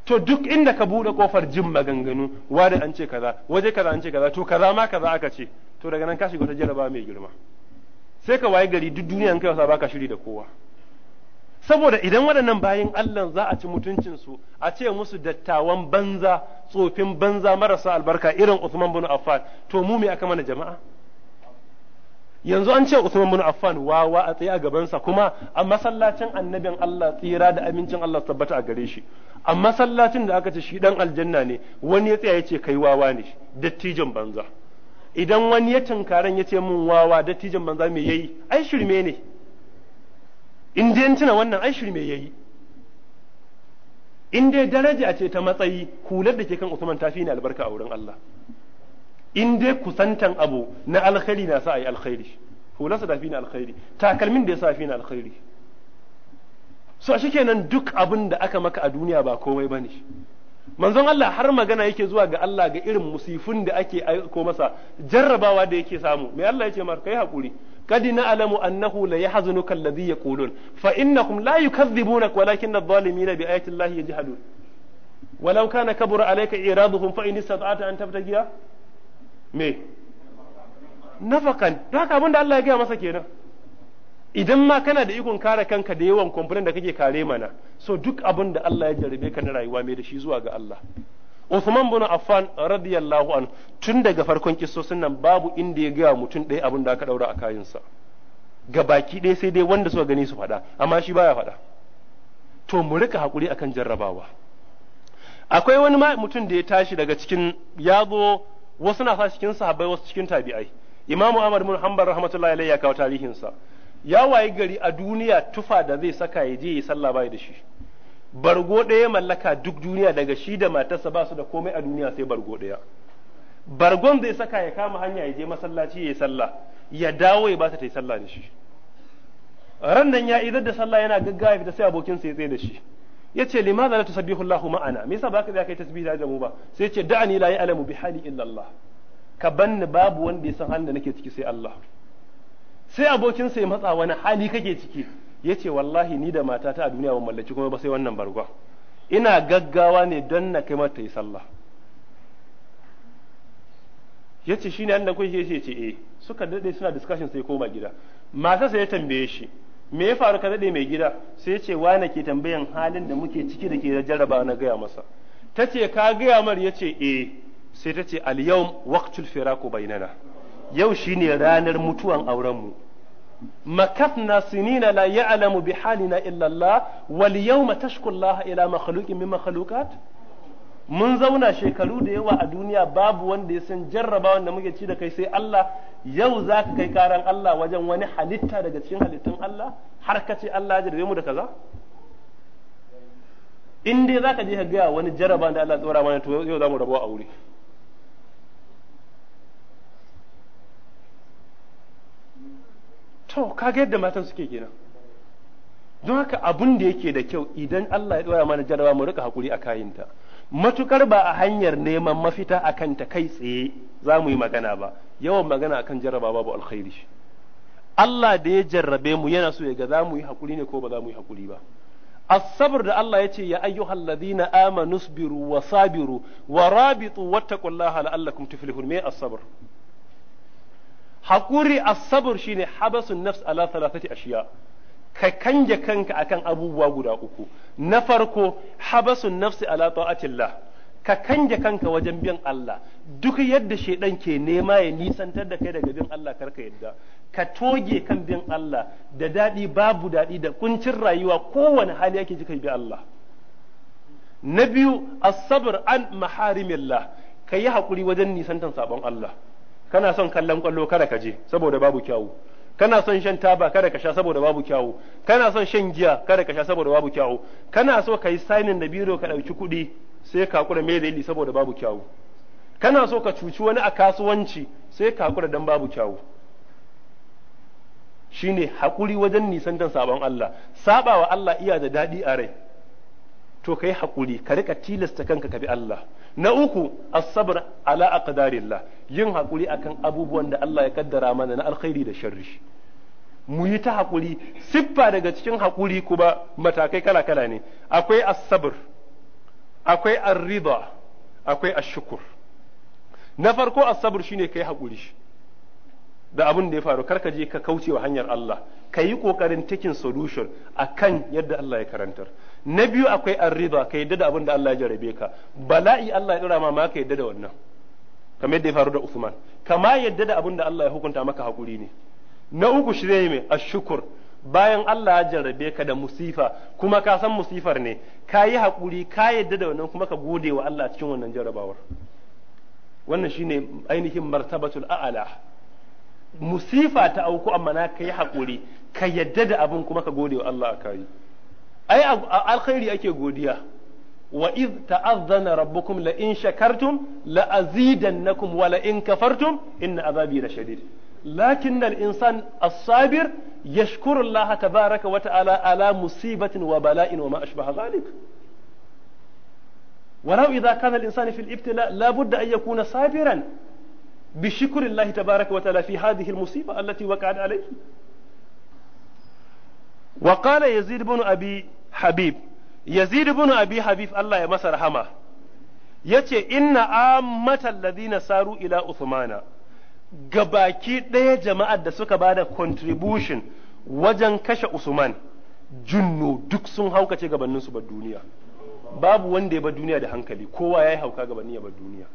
to duk inda ka bude kofar jin maganganu wani an ce kaza waje kaza an ce kaza to kaza ma kaza aka ce to daga nan ka shiga wata jaraba mai girma sai ka waye gari duk duniya kai wasa baka shiri da kowa saboda idan waɗannan bayin Allah za a ci mutuncin su a ce musu dattawan banza tsofin banza marasa albarka irin Uthman bin Affan to mu me aka mana jama'a yanzu an ce Usman bin Affan wawa a tsaye a gabansa kuma a masallacin annabin Allah tsira da amincin Allah tabbata a gare shi a masallacin da aka ce shi dan aljanna ne wani ya tsaya ya ce kai wawa ne dattijan banza idan wani ya tunkaran ya ce min wawa dattijan banza me yayi ai shirme ne in dai tuna wannan ai shirme yayi in dai daraja ce ta matsayi hular da ke kan Usman tafi ne albarka a wurin Allah in dai kusantan abu na alkhairi na sa ayi alkhairi hularsa da fi na alkhairi takalmin da ya sa fi na alkhairi so shi kenan duk abin da aka maka a duniya ba komai ne, manzon Allah har magana yake zuwa ga Allah ga irin musifun da ake aiko masa jarrabawa da yake samu mai Allah yace mar kai hakuri kad alamu annahu la yahzunuka alladhi yaqulun fa innakum la yukadhibunak walakin adh-dhalimina bi ayati Allahi yajhadun walau kana kabura alayka iraduhum fa in istata'ta an tabtagiya me nafakan to haka abin da Allah ya gaya masa kenan idan ma kana da ikon kare kanka da yawan kwamfanin da kake kare mana so duk abin da Allah ya jarabe ka na rayuwa mai da shi zuwa ga Allah Uthman bin Affan radiyallahu anhu tun daga farkon kissosin nan babu inda ya gaya mutum ɗaya abin da aka daura a kayansa ga baki ɗaya sai dai wanda suka gani su faɗa amma shi baya faɗa to mu rika hakuri akan jarrabawa akwai wani mutum da ya tashi daga cikin ya wasu na sa cikin sahabbai wasu cikin tabi'ai Imam ahmad bin hanbal rahmatullahi alayhi ya kawo tarihin sa ya wayi gari a duniya tufa da zai saka ya je ya sallah bai da shi bargo ɗaya mallaka duk duniya daga shi da matarsa ba su da komai a duniya sai bargo ɗaya bargon zai saka ya kama hanya ya je masallaci ya yi sallah ya dawo ya ba ta ta yi sallah da shi ran nan ya idar da sallah yana gaggawa ya fita sai abokinsa ya tsaye da shi yace limadha la tusabbihu Allahu ma'ana me yasa baka zaka yi tasbihi da mu ba sai yace da'ani la ya'lamu bi hali illa Allah ka banni babu wanda ya san halin da nake ciki sai Allah sai abokin sai matsa wani hali kake ciki yace wallahi ni da matata a duniya ban mallaki kuma ba sai wannan bargwa ina gaggawa ne don na kai mata yi sallah yace shine da kun yace ce eh suka dade suna discussion sai koma gida matarsa ya tambaye shi me ya faru ka daɗe mai gida sai ce wa na ke tambayan halin da muke ciki da ke da jarraba na gaya masa ta ce ka gaya mar ya ce e sai ta ce al-yawm waqtul firaku bainana yau shine ranar mutuwan aurenmu. mu makafna sinina la ya'lamu bi halina illallah Allah wal yawma tashku ila makhluqin min makhluqat mun zauna shekaru da yawa a duniya babu wanda ya san jarraba wanda muke ci da kai sai Allah yau za ka kai karan Allah wajen wani halitta daga cikin halittun Allah har ka ce Allah ya mu da kaza in dai za ka je ka gaya wani jarraba da Allah tsora mana to yau za mu rabu a wuri to kaga yadda matan suke kenan don haka abun da yake da kyau idan Allah ya tsora mana jarraba mu rika hakuri a kayinta matukar ba a hanyar neman mafita a kanta kai tsaye za mu yi magana ba yawan magana a kan jarraba babu alkhairi Allah da ya jarrabe mu yana so ya ga za mu yi hakuri ne ko ba za mu yi hakuri ba asabar da Allah ya ce ya ayyuhal ladina amanu sabiru wa sabiru wa rabitu wattaqullaha la'allakum tuflihun me asabar hakuri asabar shine habasun nafs ala thalathati ashiya' ka kanje kanka akan abubuwa guda uku na farko habasun nafsi ala ta'atillah ka kanje kanka wajen bin Allah duk yadda shedan ke nema ya nisantar da kai daga bin Allah karka yadda ka toge kan bin Allah da dadi babu dadi da kuncin rayuwa kowane hali yake jika bi Allah na biyu as-sabr an maharimillah ka yi hakuri wajen nisantar sabon Allah kana son kallon kwallo kada ka je saboda babu kyawu kana son shan taba kada ka sha saboda babu kyawu kana son shan giya kada ka sha saboda babu kyawu kana so ka yi sainin da biro ka ɗauki kuɗi sai ka kura mai dalili saboda babu kyawu kana so ka cuci wani a kasuwanci sai ka kura dan babu kyawu shine hakuri wajen nisan dan sabon Allah sabawa Allah iya da daɗi a rai to kai hakuri ka rika tilasta kanka ka bi Allah na uku as-sabr ala aqdarillah yin hakuri akan abubuwan da Allah ya kaddara mana na alkhairi da sharri mu yi ta hakuri siffa daga cikin hakuri kuma matakai kala kala ne akwai as-sabr akwai ar-rida akwai ash-shukr na farko as-sabr shine kai hakuri da abun da ya faru kar ka je ka kauce wa hanyar Allah ka yi kokarin taking solution akan yadda Allah ya karantar na biyu akwai arriba ka yadda da abin da Allah ya jarabe ka bala'i Allah ya dora ma ma ka yadda da wannan kamar yadda ya faru da Usman kama yadda da abin da Allah ya hukunta maka hakuri ne na uku shirye mai ashukur bayan Allah ya jarrabe ka da musifa kuma ka san musifar ne ka yi hakuri ka yadda da wannan kuma ka gode wa Allah cikin wannan jarabawar wannan shine ainihin martabatul a'ala musifa ta auku amma na ka yi hakuri ka yadda da abin kuma ka gode wa Allah a kayi ai alkhairi ake godiya wa iz ta'azzana rabbukum la in shakartum la azidannakum wa la in kafartum inna azabi lashadid lakin al-insan as-sabir yashkuru Allah tabaraka wa ta'ala ala musibatin wa bala'in wa ma ashbaha dhalik ولو إذا كان الإنسان في الابتلاء لا بد أن يكون صابرا بشكر الله تبارك وتعالى في هذه المصيبة التي وقعت عليه وقال يزيد بن أبي habib yazid ibn abi habib Allah ya masa rahama yace inna ammatal ladina saru ila uthmana baki ɗaya jama'ar da suka ba da contribution wajen kashe usman junnu duk sun haukace gabanin su ba duniya babu wanda ya ba duniya da hankali kowa ya yi hauka gabanin ya ba duniya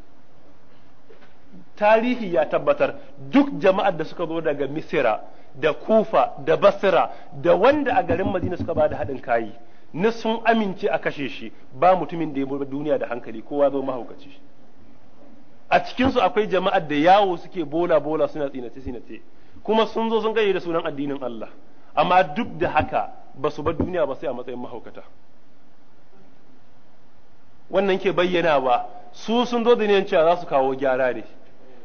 tarihi ya tabbatar duk jama'ar da suka zo daga misira da kufa da basira da wanda a garin madina suka ba da haɗin kayi na sun amince a kashe shi ba mutumin da ya bar duniya da hankali kowa zo mahaukaci a cikin su akwai jama'ar da yawo suke bola bola suna tsinace tsinace kuma sun zo sun gaye da sunan addinin Allah amma duk da haka ba su bar duniya ba sai a matsayin mahaukata wannan ke bayyana ba su sun zo da niyan cewa za su kawo gyara ne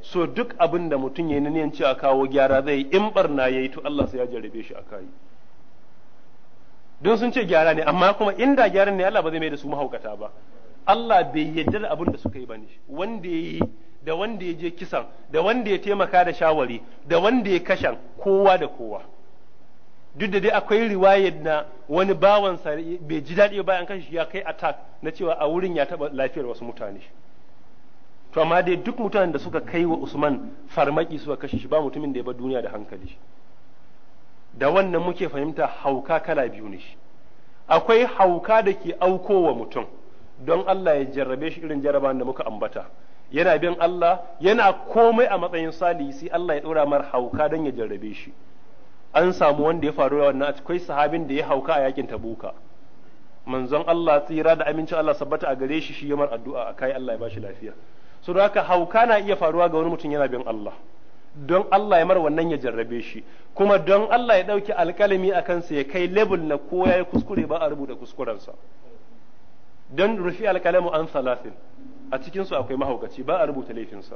so duk abin da mutum ya yi na neman cewa kawo gyara zai in barna yayi to Allah sai ya jarrabe shi a kai don sun ce gyara ne amma kuma inda gyaran ne Allah ba zai mai da su mahaukata ba Allah bai yarda da abin da suka yi ba ne wanda ya yi da wanda ya je kisan da wanda ya taimaka da shawari da wanda ya kashan kowa da kowa duk da dai akwai riwayar na wani bawansa bai ji daɗi bayan shi ya kai attack na cewa a wurin ya taɓa lafiyar wasu mutane to amma dai duk mutanen da suka kai wa Usman farmaki suka kashe shi ba mutumin da ya bar duniya da hankali da wannan muke fahimta hauka kala biyu ne akwai hauka da ke aukowa mutum don Allah ya jarrabe shi irin jaraba da muka ambata yana bin Allah yana komai a matsayin sali sai Allah ya ɗora mar hauka don ya jarrabe shi an samu wanda ya faru wannan akwai sahabin da ya hauka a yakin tabuka manzon Allah tsira da amincin Allah sabbata a gare shi shi ya mar addu'a kai Allah ya bashi lafiya saboda haka hauka na iya faruwa ga wani mutum yana bin Allah don Allah ya mar wannan ya jarrabe shi kuma don Allah ya ɗauki alkalami a kansa ya kai lebul na ko ya yi kuskure ba a rubuta kuskurensa don rufi alƙalamu an salafin, a cikinsu akwai mahaukaci ba a rubuta laifinsa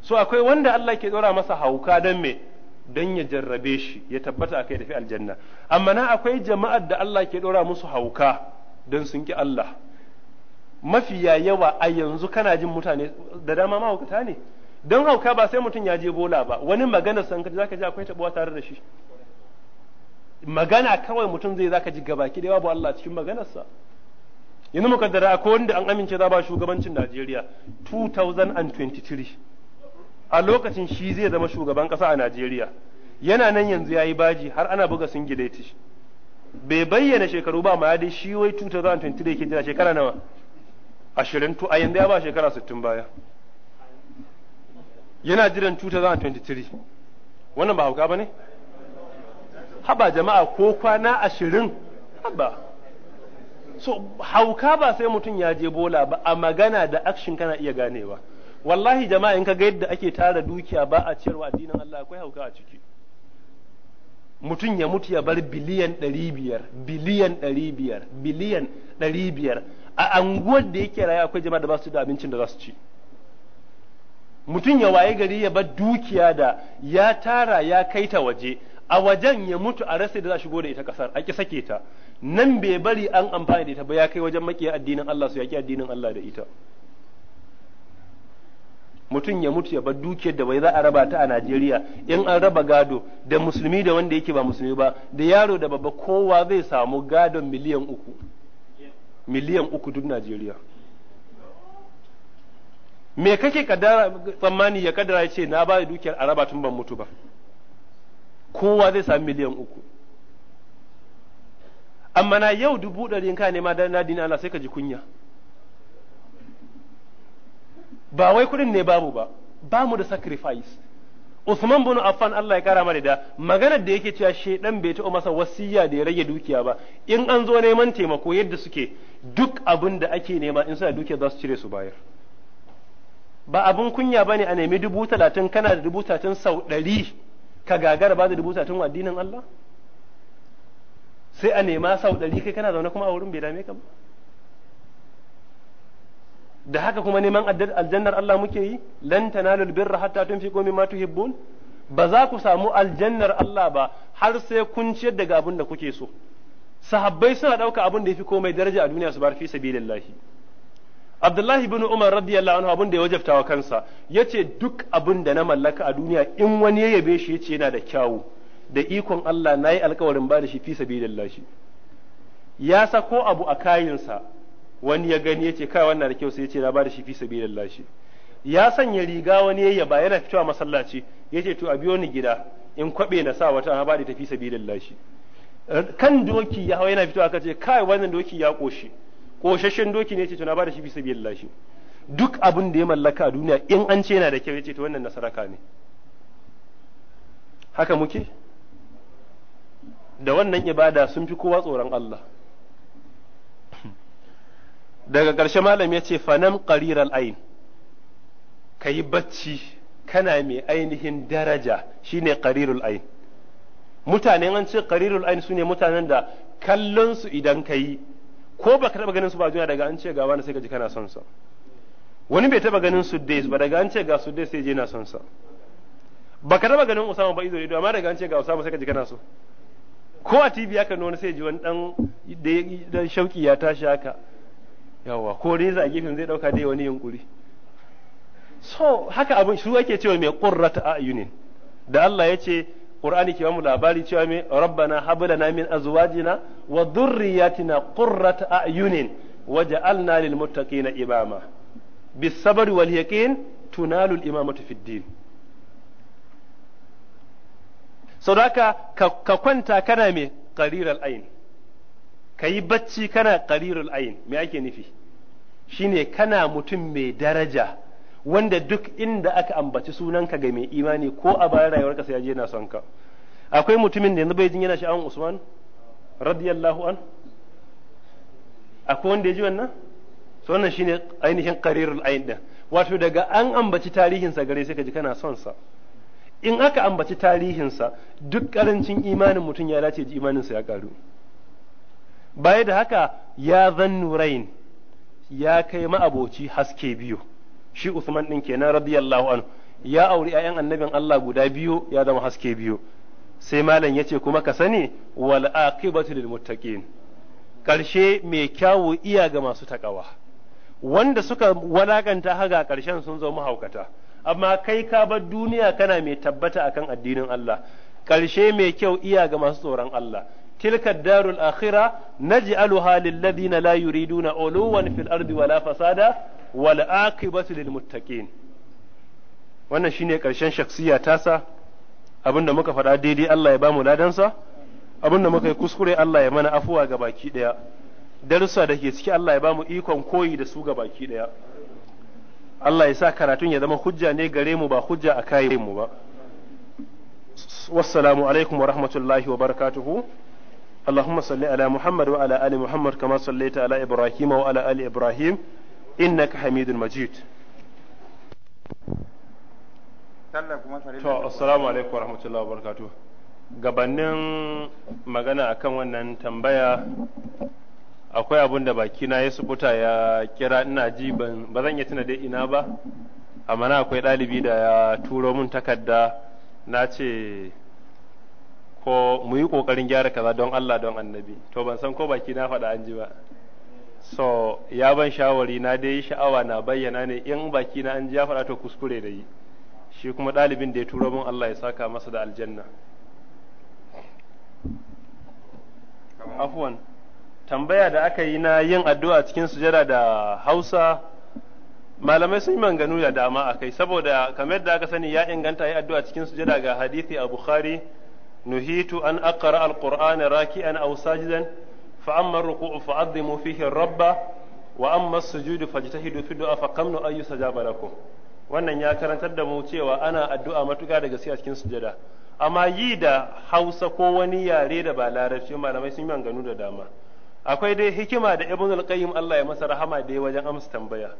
so akwai wanda Allah ke ɗora masa hauka don me don ya jarrabe shi ya tabbata a kai tafi aljanna amma na akwai jama'ar da Allah ke ɗora musu hauka don sun ki Allah mafiya yawa a yanzu kana jin mutane da dama mahaukata ne don hauka ba sai mutum ya je bola ba wani magana san za ka ji akwai tabuwa tare da shi magana kawai mutum zai zaka ji gabaki da babu Allah cikin maganarsa yanzu mukaddara akwai wanda an amince za ba shugabancin Najeriya 2023 a lokacin shi zai zama shugaban kasa a Najeriya yana nan yanzu yi baji har ana buga singileti bai bayyana shekaru ba ma dai shi wai 2023 yake jira shekara nawa 20 to a yanzu ya ba shekara 60 baya yana jiran 2023 wannan ba hauka ba ne haba jama'a ko kwana ashirin haba so hauka ba sai mutum ya je bola ba a magana da action kana iya ganewa wallahi jama'a in ka ga yadda ake tara dukiya ba a ciyarwa addinin Allah akwai hauka a ciki mutum ya mutu ya bar biliyan ɗari biyar biliyan ɗari biyar biliyan ɗari biyar a anguwar da yake raya akwai jama'a da ba su da abincin da za su ci mutum ya waye gari ya bar dukiya da ya tara ya kai ta waje a wajen ya mutu a rasa da za a shigo da ita kasar a ki sake ta nan bai bari an amfani da ita ba ya kai wajen makiya addinin Allah su yaki addinin Allah da ita mutum ya mutu ya bar dukiyar da bai za a raba ta a Najeriya in an raba gado da musulmi da wanda yake ba musulmi ba da yaro da babba kowa zai samu gadon miliyan uku miliyan uku duk Najeriya me kake kadara tsammani ya kadara ya ce na ba da dukiyar araba tun ban mutu ba kowa zai sami miliyan uku amma na yau dubu ɗari ka nema da na dina Allah sai ka ji kunya ba wai kuɗin ne babu ba ba mu da sacrifice Usman bin Affan Allah ya kara mara da maganar da yake cewa shedan bai taɓa masa wasiyya da ya rage dukiya ba in an zo neman taimako yadda suke duk abin da ake nema in suna dukiya za su cire su bayar ba abun kunya ba ne a nemi dubu talatin kana da dubu talatin sau ɗari ka gagara ba da dubu talatin wa addinin Allah sai a nema sau ɗari kai kana zaune kuma a wurin bai dame ka ba da haka kuma neman aljannar Allah muke yi lan tanalul birra hatta komi ma tuhibbun ba za ku samu aljannar Allah ba har sai kun ciyar daga abin da kuke so sahabbai suna ɗauka abin da ya fi komai daraja a duniya su bar fi sabilillahi Abdullahi bin Umar radiyallahu anhu abin da ya wajabta wa kansa yace duk abin da na mallaka a duniya in wani ya yabe shi yace yana da kyawu da ikon Allah nayi alkawarin ba da shi fi sabilillah ya sa ko abu a kayinsa wani ya gani yace kai wannan da kyau sai yace na ba da shi fi sabilillah ya sanya riga wani ya yaba yana fitowa masallaci yace to a biyo ni gida in kwabe na sa wata na ba da fi sabilillah kan doki ya hawa yana fitowa kace kai wannan doki ya koshi koshashen doki ne ce to na da shi bisa sabiyar lashi duk abin da ya mallaka a duniya in an ce yana da kyau ya ce to wannan nasaraka ne haka muke da wannan ibada sun fi kowa tsoron Allah daga ƙarshe malam ya ce fanan ƙariral ayin ka yi bacci kana mai ainihin daraja shine qarirul ayin, mutane an ce ayin su ne mutanen da kallonsu idan ka yi ko baka taba ganin su ba duniya daga an ce ga wani sai ka ji kana son sa wani bai taba ganin su dai ba daga an ce ga su dai sai je na son sa baka taba ganin Usama ba ido ido amma daga an ce ga Usama sai ka ji kana so ko a TV aka nuna sai ji wani dan dan shauki ya tashi haka yawa ko reza a gefen zai dauka dai wani yunkuri so haka abin shi ake cewa mai qurrata ayunin da Allah ya ce Qur'ani ke mu labari cewa me rabbana hab na min azwajina wa dhurriyyatina qurrata a'yunin waj'alna lil muttaqina imama bis sabr wal yaqin tunalu al imamatu fid din saudaka ka kwanta kana me qariral ayn kayi bacci kana qariral ayn me ake nufi shine kana mutum mai daraja wanda duk inda aka ambaci sunanka ga mai imani ko a bayan rayuwarka sai ya je na son ka akwai mutumin da yanzu bai jin yana sha'awan Usman radiyallahu an akwai wanda ya ji wannan so wannan shine ainihin qarirul ain din wato daga an ambaci tarihinsa gare sai ka ji kana son sa in aka ambaci tarihinsa duk karancin imanin mutum ya dace ji sa ya karu baya da haka ya zan ya kai ma'aboci haske biyu shi Usman ɗin kenan radiyallahu anhu ya auri ƴaƴan annabin Allah guda biyu ya zama haske biyu sai malam yace kuma ka sani wal aqibatu lil muttaqin karshe mai kyawu iya ga masu takawa wanda suka walakanta haga karshen sun zo haukata amma kai ka bar duniya kana mai tabbata akan addinin Allah karshe mai kyau iya ga masu tsoron Allah تلك الدار الآخرة نجعلها للذين لا يريدون علوا في الأرض ولا فسادا والعاقبة للمتقين wannan shine karshen shaksiya tasa abinda muka faɗa daidai Allah ya bamu ladansa abinda muka yi kuskure Allah ya mana afuwa ga baki ɗaya darussa da ke ciki Allah ya bamu ikon koyi da su ga baki ɗaya Allah ya sa karatun ya zama hujja ne gare mu ba hujja a kayan mu ba wassalamu alaikum wa rahmatullahi wa barakatuhu اللهم صل على محمد وعلى آل محمد كما صليت على إبراهيم وعلى آل إبراهيم إنك حميد مجيد السلام عليكم alaikum الله وبركاته gabanin magana akan wannan tambaya akwai abun da bakina ya subuta ya kira ina ji ba zan iya tuna dai ina ba amma na akwai ɗalibi da ya turo mun takarda na ce ko mu yi ƙoƙarin gyara kaza don Allah don annabi to ban san ko baki na faɗa an ji ba so ya ban shawari na dai sha'awa na bayyana ne in baki na an ji ya faɗa to kuskure da yi shi kuma ɗalibin da ya turo mun Allah ya saka masa da aljanna afwan tambaya da aka yi na yin addu'a cikin sujada da Hausa malamai sun yi manganu da dama akai saboda kamar da aka sani ya inganta yi addu'a cikin sujada ga hadisi a Bukhari nuhitu an أقرأ القرآن raki'an أو ساجدا فأما amma ruku'u فيه الرب rabba wa amma في الدعاء fi أي fa kamnu wannan ya karantar da mu cewa ana addu'a matuƙa da gaskiya cikin sujada amma yi da Hausa ko wani yare da ba larabci malamai sun yi ganu da dama akwai dai hikima da Ibn al-Qayyim Allah ya masa rahama da wajen amsa tambaya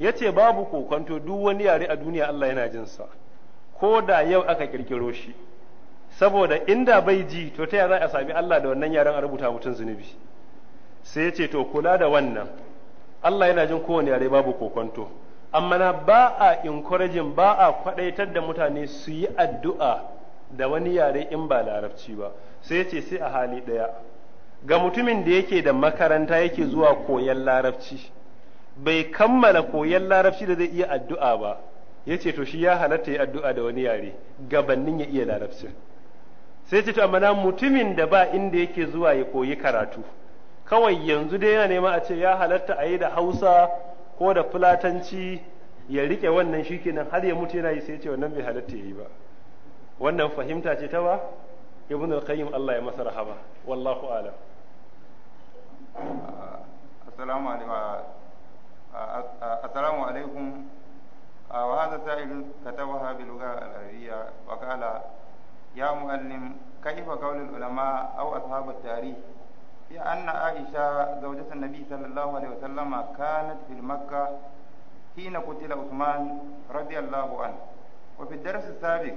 yace babu kokonto duk wani yare a duniya Allah yana jin sa ko da yau aka kirkiro shi saboda inda bai ji to ta za a sami Allah da wannan yaran a rubuta mutum zunubi sai ya ce to kula da wannan Allah yana jin kowane yare babu kokonto amma na ba a encouraging ba a kwadaitar da mutane su yi addu'a da wani yare in ba larabci ba sai ya ce sai a hali daya ga mutumin da yake da makaranta yake zuwa koyan larabci bai kammala koyan larabci da zai iya addu'a ba ya ce to shi ya halatta yi addu'a da wani yare gabannin ya iya larabcin sai ce to amma na mutumin da ba inda yake zuwa ya koyi karatu kawai yanzu dai yana nema a ce ya halatta a yi da Hausa ko da Fulatanci ya rike wannan kenan har ya mutu yana yi sai ce wannan bai halatta ya yi ba wannan fahimta ce ta ba ibn al-qayyim Allah ya masa rahama wallahu a'lam assalamu alaikum assalamu alaikum bi lugha al-arabiyya wa qala يا مؤلم كيف قول العلماء أو أصحاب التاريخ في أن عائشة زوجة النبي صلى الله عليه وسلم كانت في مكة حين قتل عثمان رضي الله عنه وفي الدرس السابق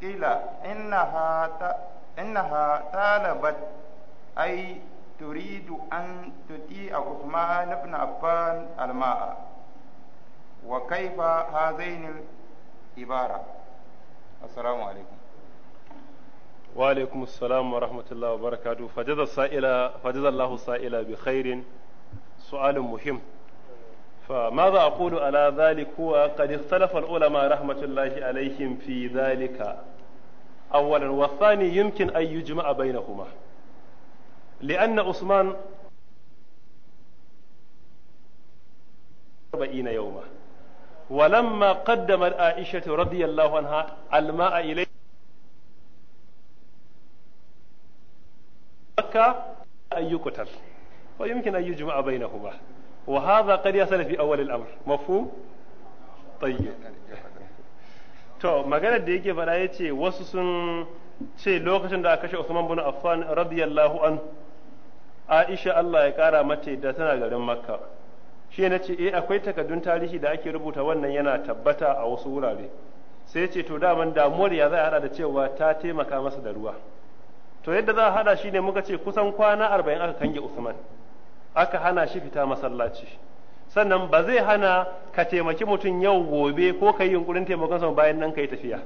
قيل إنها إنها طالبت أي تريد أن تطيع عثمان بن عفان الماء وكيف هذين العبارة assalamu alaikum wa alaikum assalam wa rahmatullahi wa barakatuh fajaza sa'ila fajaza Allah sa'ila bi khairin su'alun muhim فماذا أقول على ذلك هو قد اختلف العلماء رحمة الله عليهم في ذلك أولا والثاني يمكن أن يجمع بينهما لأن عثمان أربعين يوما ولما قدمت عائشة رضي الله عنها الماء إليه بكى أن يقتل ويمكن أن يجمع بينهما وهذا قد يصل في أول الأمر مفهوم؟ طيب to maganar da yake fara ya ce wasu sun ce lokacin da aka kashe Usman bin Affan radiyallahu an Aisha Allah ya kara mace da tana garin Makka shi na ce eh akwai takaddun tarihi da ake rubuta wannan yana tabbata a wasu wurare sai ce to daman damuwar ya za a hada da cewa ta taimaka masa da ruwa to yadda za a hada shi ne muka ce kusan kwana arba'in aka kange usman aka hana shi fita masallaci sannan ba zai hana ka taimaki mutum yau gobe ko ka yi yunkurin taimakon sa bayan nan ka yi tafiya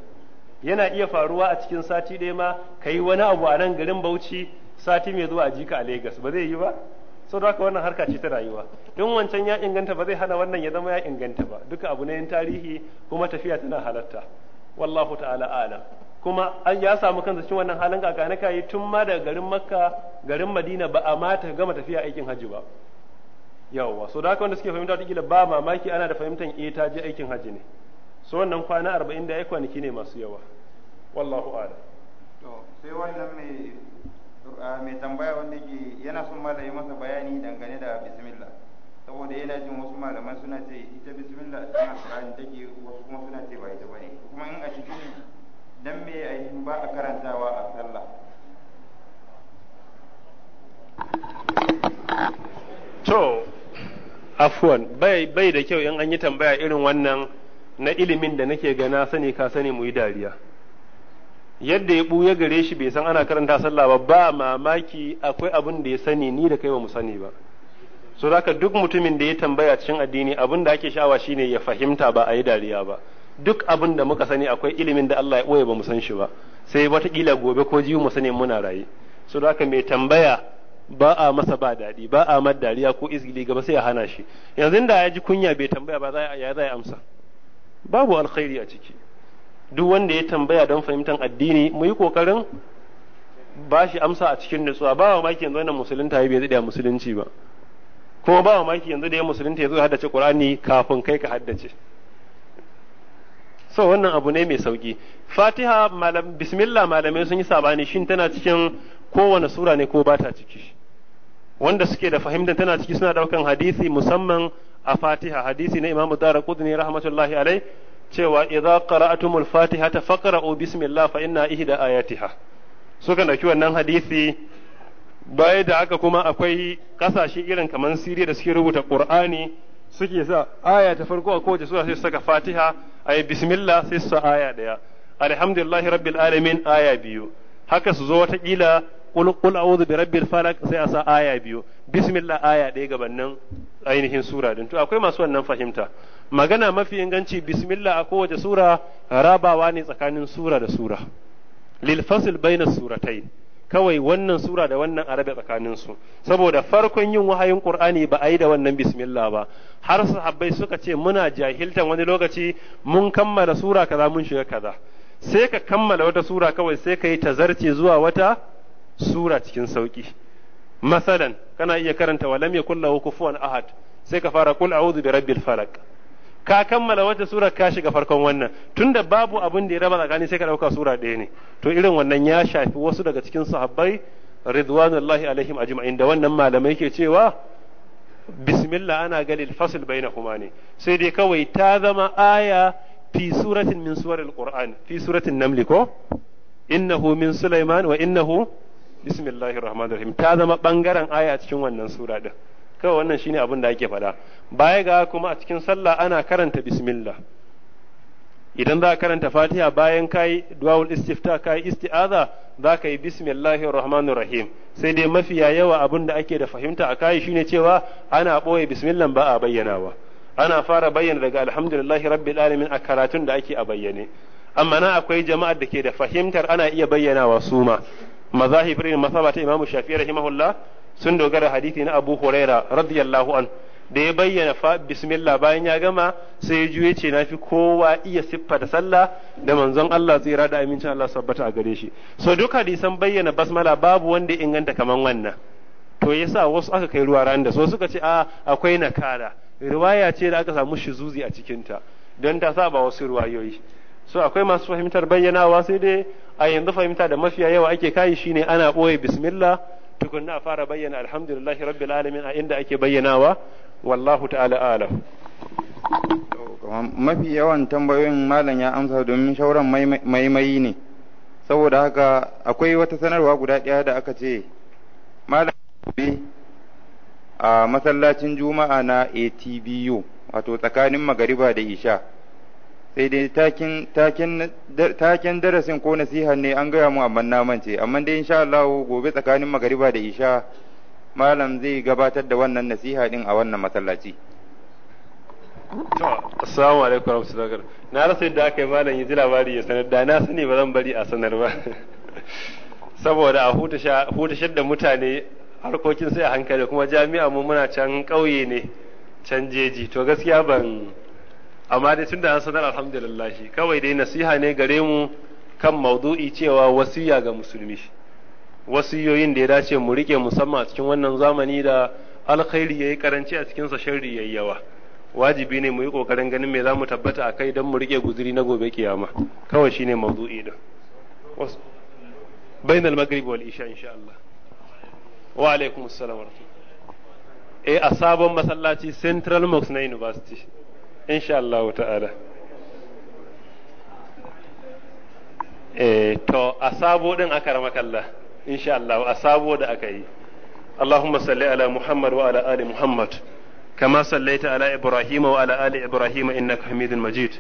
yana iya faruwa a cikin sati ɗaya ma ka yi wani abu a nan garin bauchi sati mai zuwa a jika a lagos ba zai yi ba so da haka wannan harka ce ta rayuwa in wancan ya inganta ba zai hana wannan ya zama ya inganta ba duka abu ne tarihi kuma tafiya tana halatta wallahu ta'ala a'lam kuma an ya samu kansa cikin wannan halin kaka na kai tun ma daga garin makka garin madina ba a mata gama tafiya aikin hajji ba yawwa so da haka wanda suke fahimta ta ba mamaki ana da fahimtar eh ta je aikin hajji ne so wannan kwana arba'in da ya kwanaki ne masu yawa wallahu a'lam to sai wannan mai mai tambaya wanda ke yana son malami masa bayani dangane da bismillah saboda yana jin wasu malaman suna ce ita bismillah a cikin alƙur'ani take wasu kuma suna ce ba ita bane kuma in a cikin ne dan me yi ba a karantawa a sallah to afwan bai bai da kyau in an yi tambaya irin wannan na ilimin da nake gana sani ka sani mu yi dariya yadda ya buya gare shi bai san ana karanta sallah ba ba mamaki akwai abin da ya sani ni da kai ba mu sani ba so zaka duk mutumin da ya tambaya cikin addini abin da ake sha'awa shine ya fahimta ba a yi dariya ba duk abin da muka sani akwai ilimin da Allah ya koya ba mu san shi ba sai watakila gobe ko jiyu mu sani muna raye so zaka mai tambaya ba a masa ba daɗi ba a mad dariya ko izgili gaba sai ya hana shi yanzu da ya ji kunya bai tambaya ba ya za amsa babu alkhairi a ciki duk wanda ya tambaya don fahimtar addini mu yi kokarin ba shi amsa a cikin nutsuwa ba wa maki yanzu wannan musulunta ya bai da musulunci ba kuma ba wa maki yanzu da ya musulunta ya zo haddace qur'ani kafin kai ka haddace so wannan abu ne mai sauki fatiha malam bismillah malamai sun yi sabani shin tana cikin kowane sura ne ko ba ta ciki wanda suke da fahimtar tana ciki suna daukan hadisi musamman a fatiha hadisi na imamu darakudni ne rahmatullahi alai cewa idza qara'atumul ta faqra'u bismillah fa inna da ayatiha suka dauki wannan hadisi baya da haka kuma akwai kasashe irin kamar Siriya da suke rubuta Qur'ani suke sa aya ta farko a kowace sura sai saka Fatiha ayi bismillah sai su sa aya daya alhamdulillahi rabbil alamin aya biyu haka su zo wata kila qul qul a'udhu bi rabbil falaq sai a sa aya biyu bismillah aya ɗaya gabanin ainihin sura din to akwai masu wannan fahimta magana mafi inganci bismillah a kowace sura rabawa ne tsakanin sura da sura lil fasl baina suratai kawai wannan sura da wannan arabe tsakanin su saboda farkon yin wahayin qur'ani ba a yi da wannan bismillah ba har sahabbai suka ce muna jahiltan wani lokaci mun kammala sura kaza mun shiga kaza sai ka kammala wata sura kawai sai ka yi tazarce zuwa wata sura cikin sauki masalan kana iya karanta wa lam yakul lahu kufuwan ahad sai ka fara kul a'udhu bi rabbil falaq ka kammala wata sura ka shiga farkon wannan tunda babu abin da ya raba tsakani sai ka dauka sura ɗaya ne to irin wannan ya shafi wasu daga cikin sahabbai ridwanullahi alaihim ajma'in da wannan malamai ke cewa bismillah ana ga lil fasl bainahuma ne sai dai kawai ta zama aya fi suratin min suwaril qur'an fi suratin namli ko innahu min sulaiman wa innahu Bismillahi rahmanir ta zama bangaren aya cikin wannan sura din kawai wannan shine abin da ake faɗa baya ga kuma a cikin sallah ana karanta bismillah idan za ka karanta fatiha bayan kai duawul istifta kai isti'aza za ka yi bismillahir rahmanir rahim sai dai mafi yawa abin da ake da fahimta a kai shine cewa ana ɓoye bismillah ba a bayyanawa ana fara bayyana daga alhamdulillahi rabbil alamin a karatun da ake a bayyane amma na akwai jama'ar da ke da fahimtar ana iya bayyanawa su ma mazahibirin masabata imamu shafi'i rahimahullah sun dogara hadisi na abu huraira radiyallahu an da ya bayyana fa bismillah bayan ya gama sai ya juye ce na fi kowa iya siffa da sallah da manzon Allah zai da amincin Allah sabbata a gare shi so duk hadisan bayyana basmala babu wanda inganta kaman wannan to yasa wasu aka kai ruwa ran da so suka ce a akwai nakara riwaya ce da aka samu shuzuzi a cikin ta don ta saba wasu ruwayoyi so akwai masu fahimtar bayyanawa sai dai a yanzu fahimta da mafiya yawa ake kai shine ana boye bismillah tukunna a fara bayyana alhamdulillahi rabbil alamin a inda ake bayyanawa wallahu ta'ala alam mafi yawan tambayoyin malam ya amsa domin shauran maimai ne saboda haka akwai wata sanarwa guda ɗaya da aka ce malam a masallacin juma'a na atbu wato tsakanin magariba da isha sai eh, dai taken darasin ko nasiha ne an gaya mu amma na mance amma dai insha Allah gobe tsakanin magariba da isha malam zai gabatar da wannan nasiha din a wannan masallaci to assalamu alaikum warahmatullahi na rasa yadda aka yi malam ya ji labari ya sanar da na sani ba zan bari a sanar ba saboda a shar da mutane harkokin sai a hankali kuma jami'a mu muna can ƙauye ne can jeji to gaskiya ban amma dai tunda an sanar alhamdulillah kawai dai nasiha ne gare mu kan maudu'i cewa wasiya ga musulmi wasiyoyin da ya dace mu rike musamman a cikin wannan zamani da alkhairi yayi karanci a cikin sa sharri yayi yawa wajibi ne mu yi kokarin ganin me za mu tabbata akai dan mu rike guzuri na gobe kiyama kawai shine maudu'i din bainal maghrib wal isha insha Allah wa alaikumus salam wa rahmatullah eh a sabon masallaci central mosque na university insha Allah ta'ala eh to a sabo din aka rama kalla insha Allah a sabo da aka yi اللهم صل على محمد وعلى آل محمد كما صليت على إبراهيم وعلى آل إبراهيم إنك حميد مجيد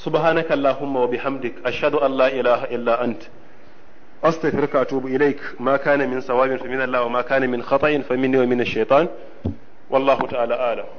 سبحانك اللهم وبحمدك أشهد أن لا إله إلا أنت أستغفرك وأتوب إليك ما كان من صواب فمن الله وما كان من خطأ فمني ومن الشيطان والله تعالى أعلم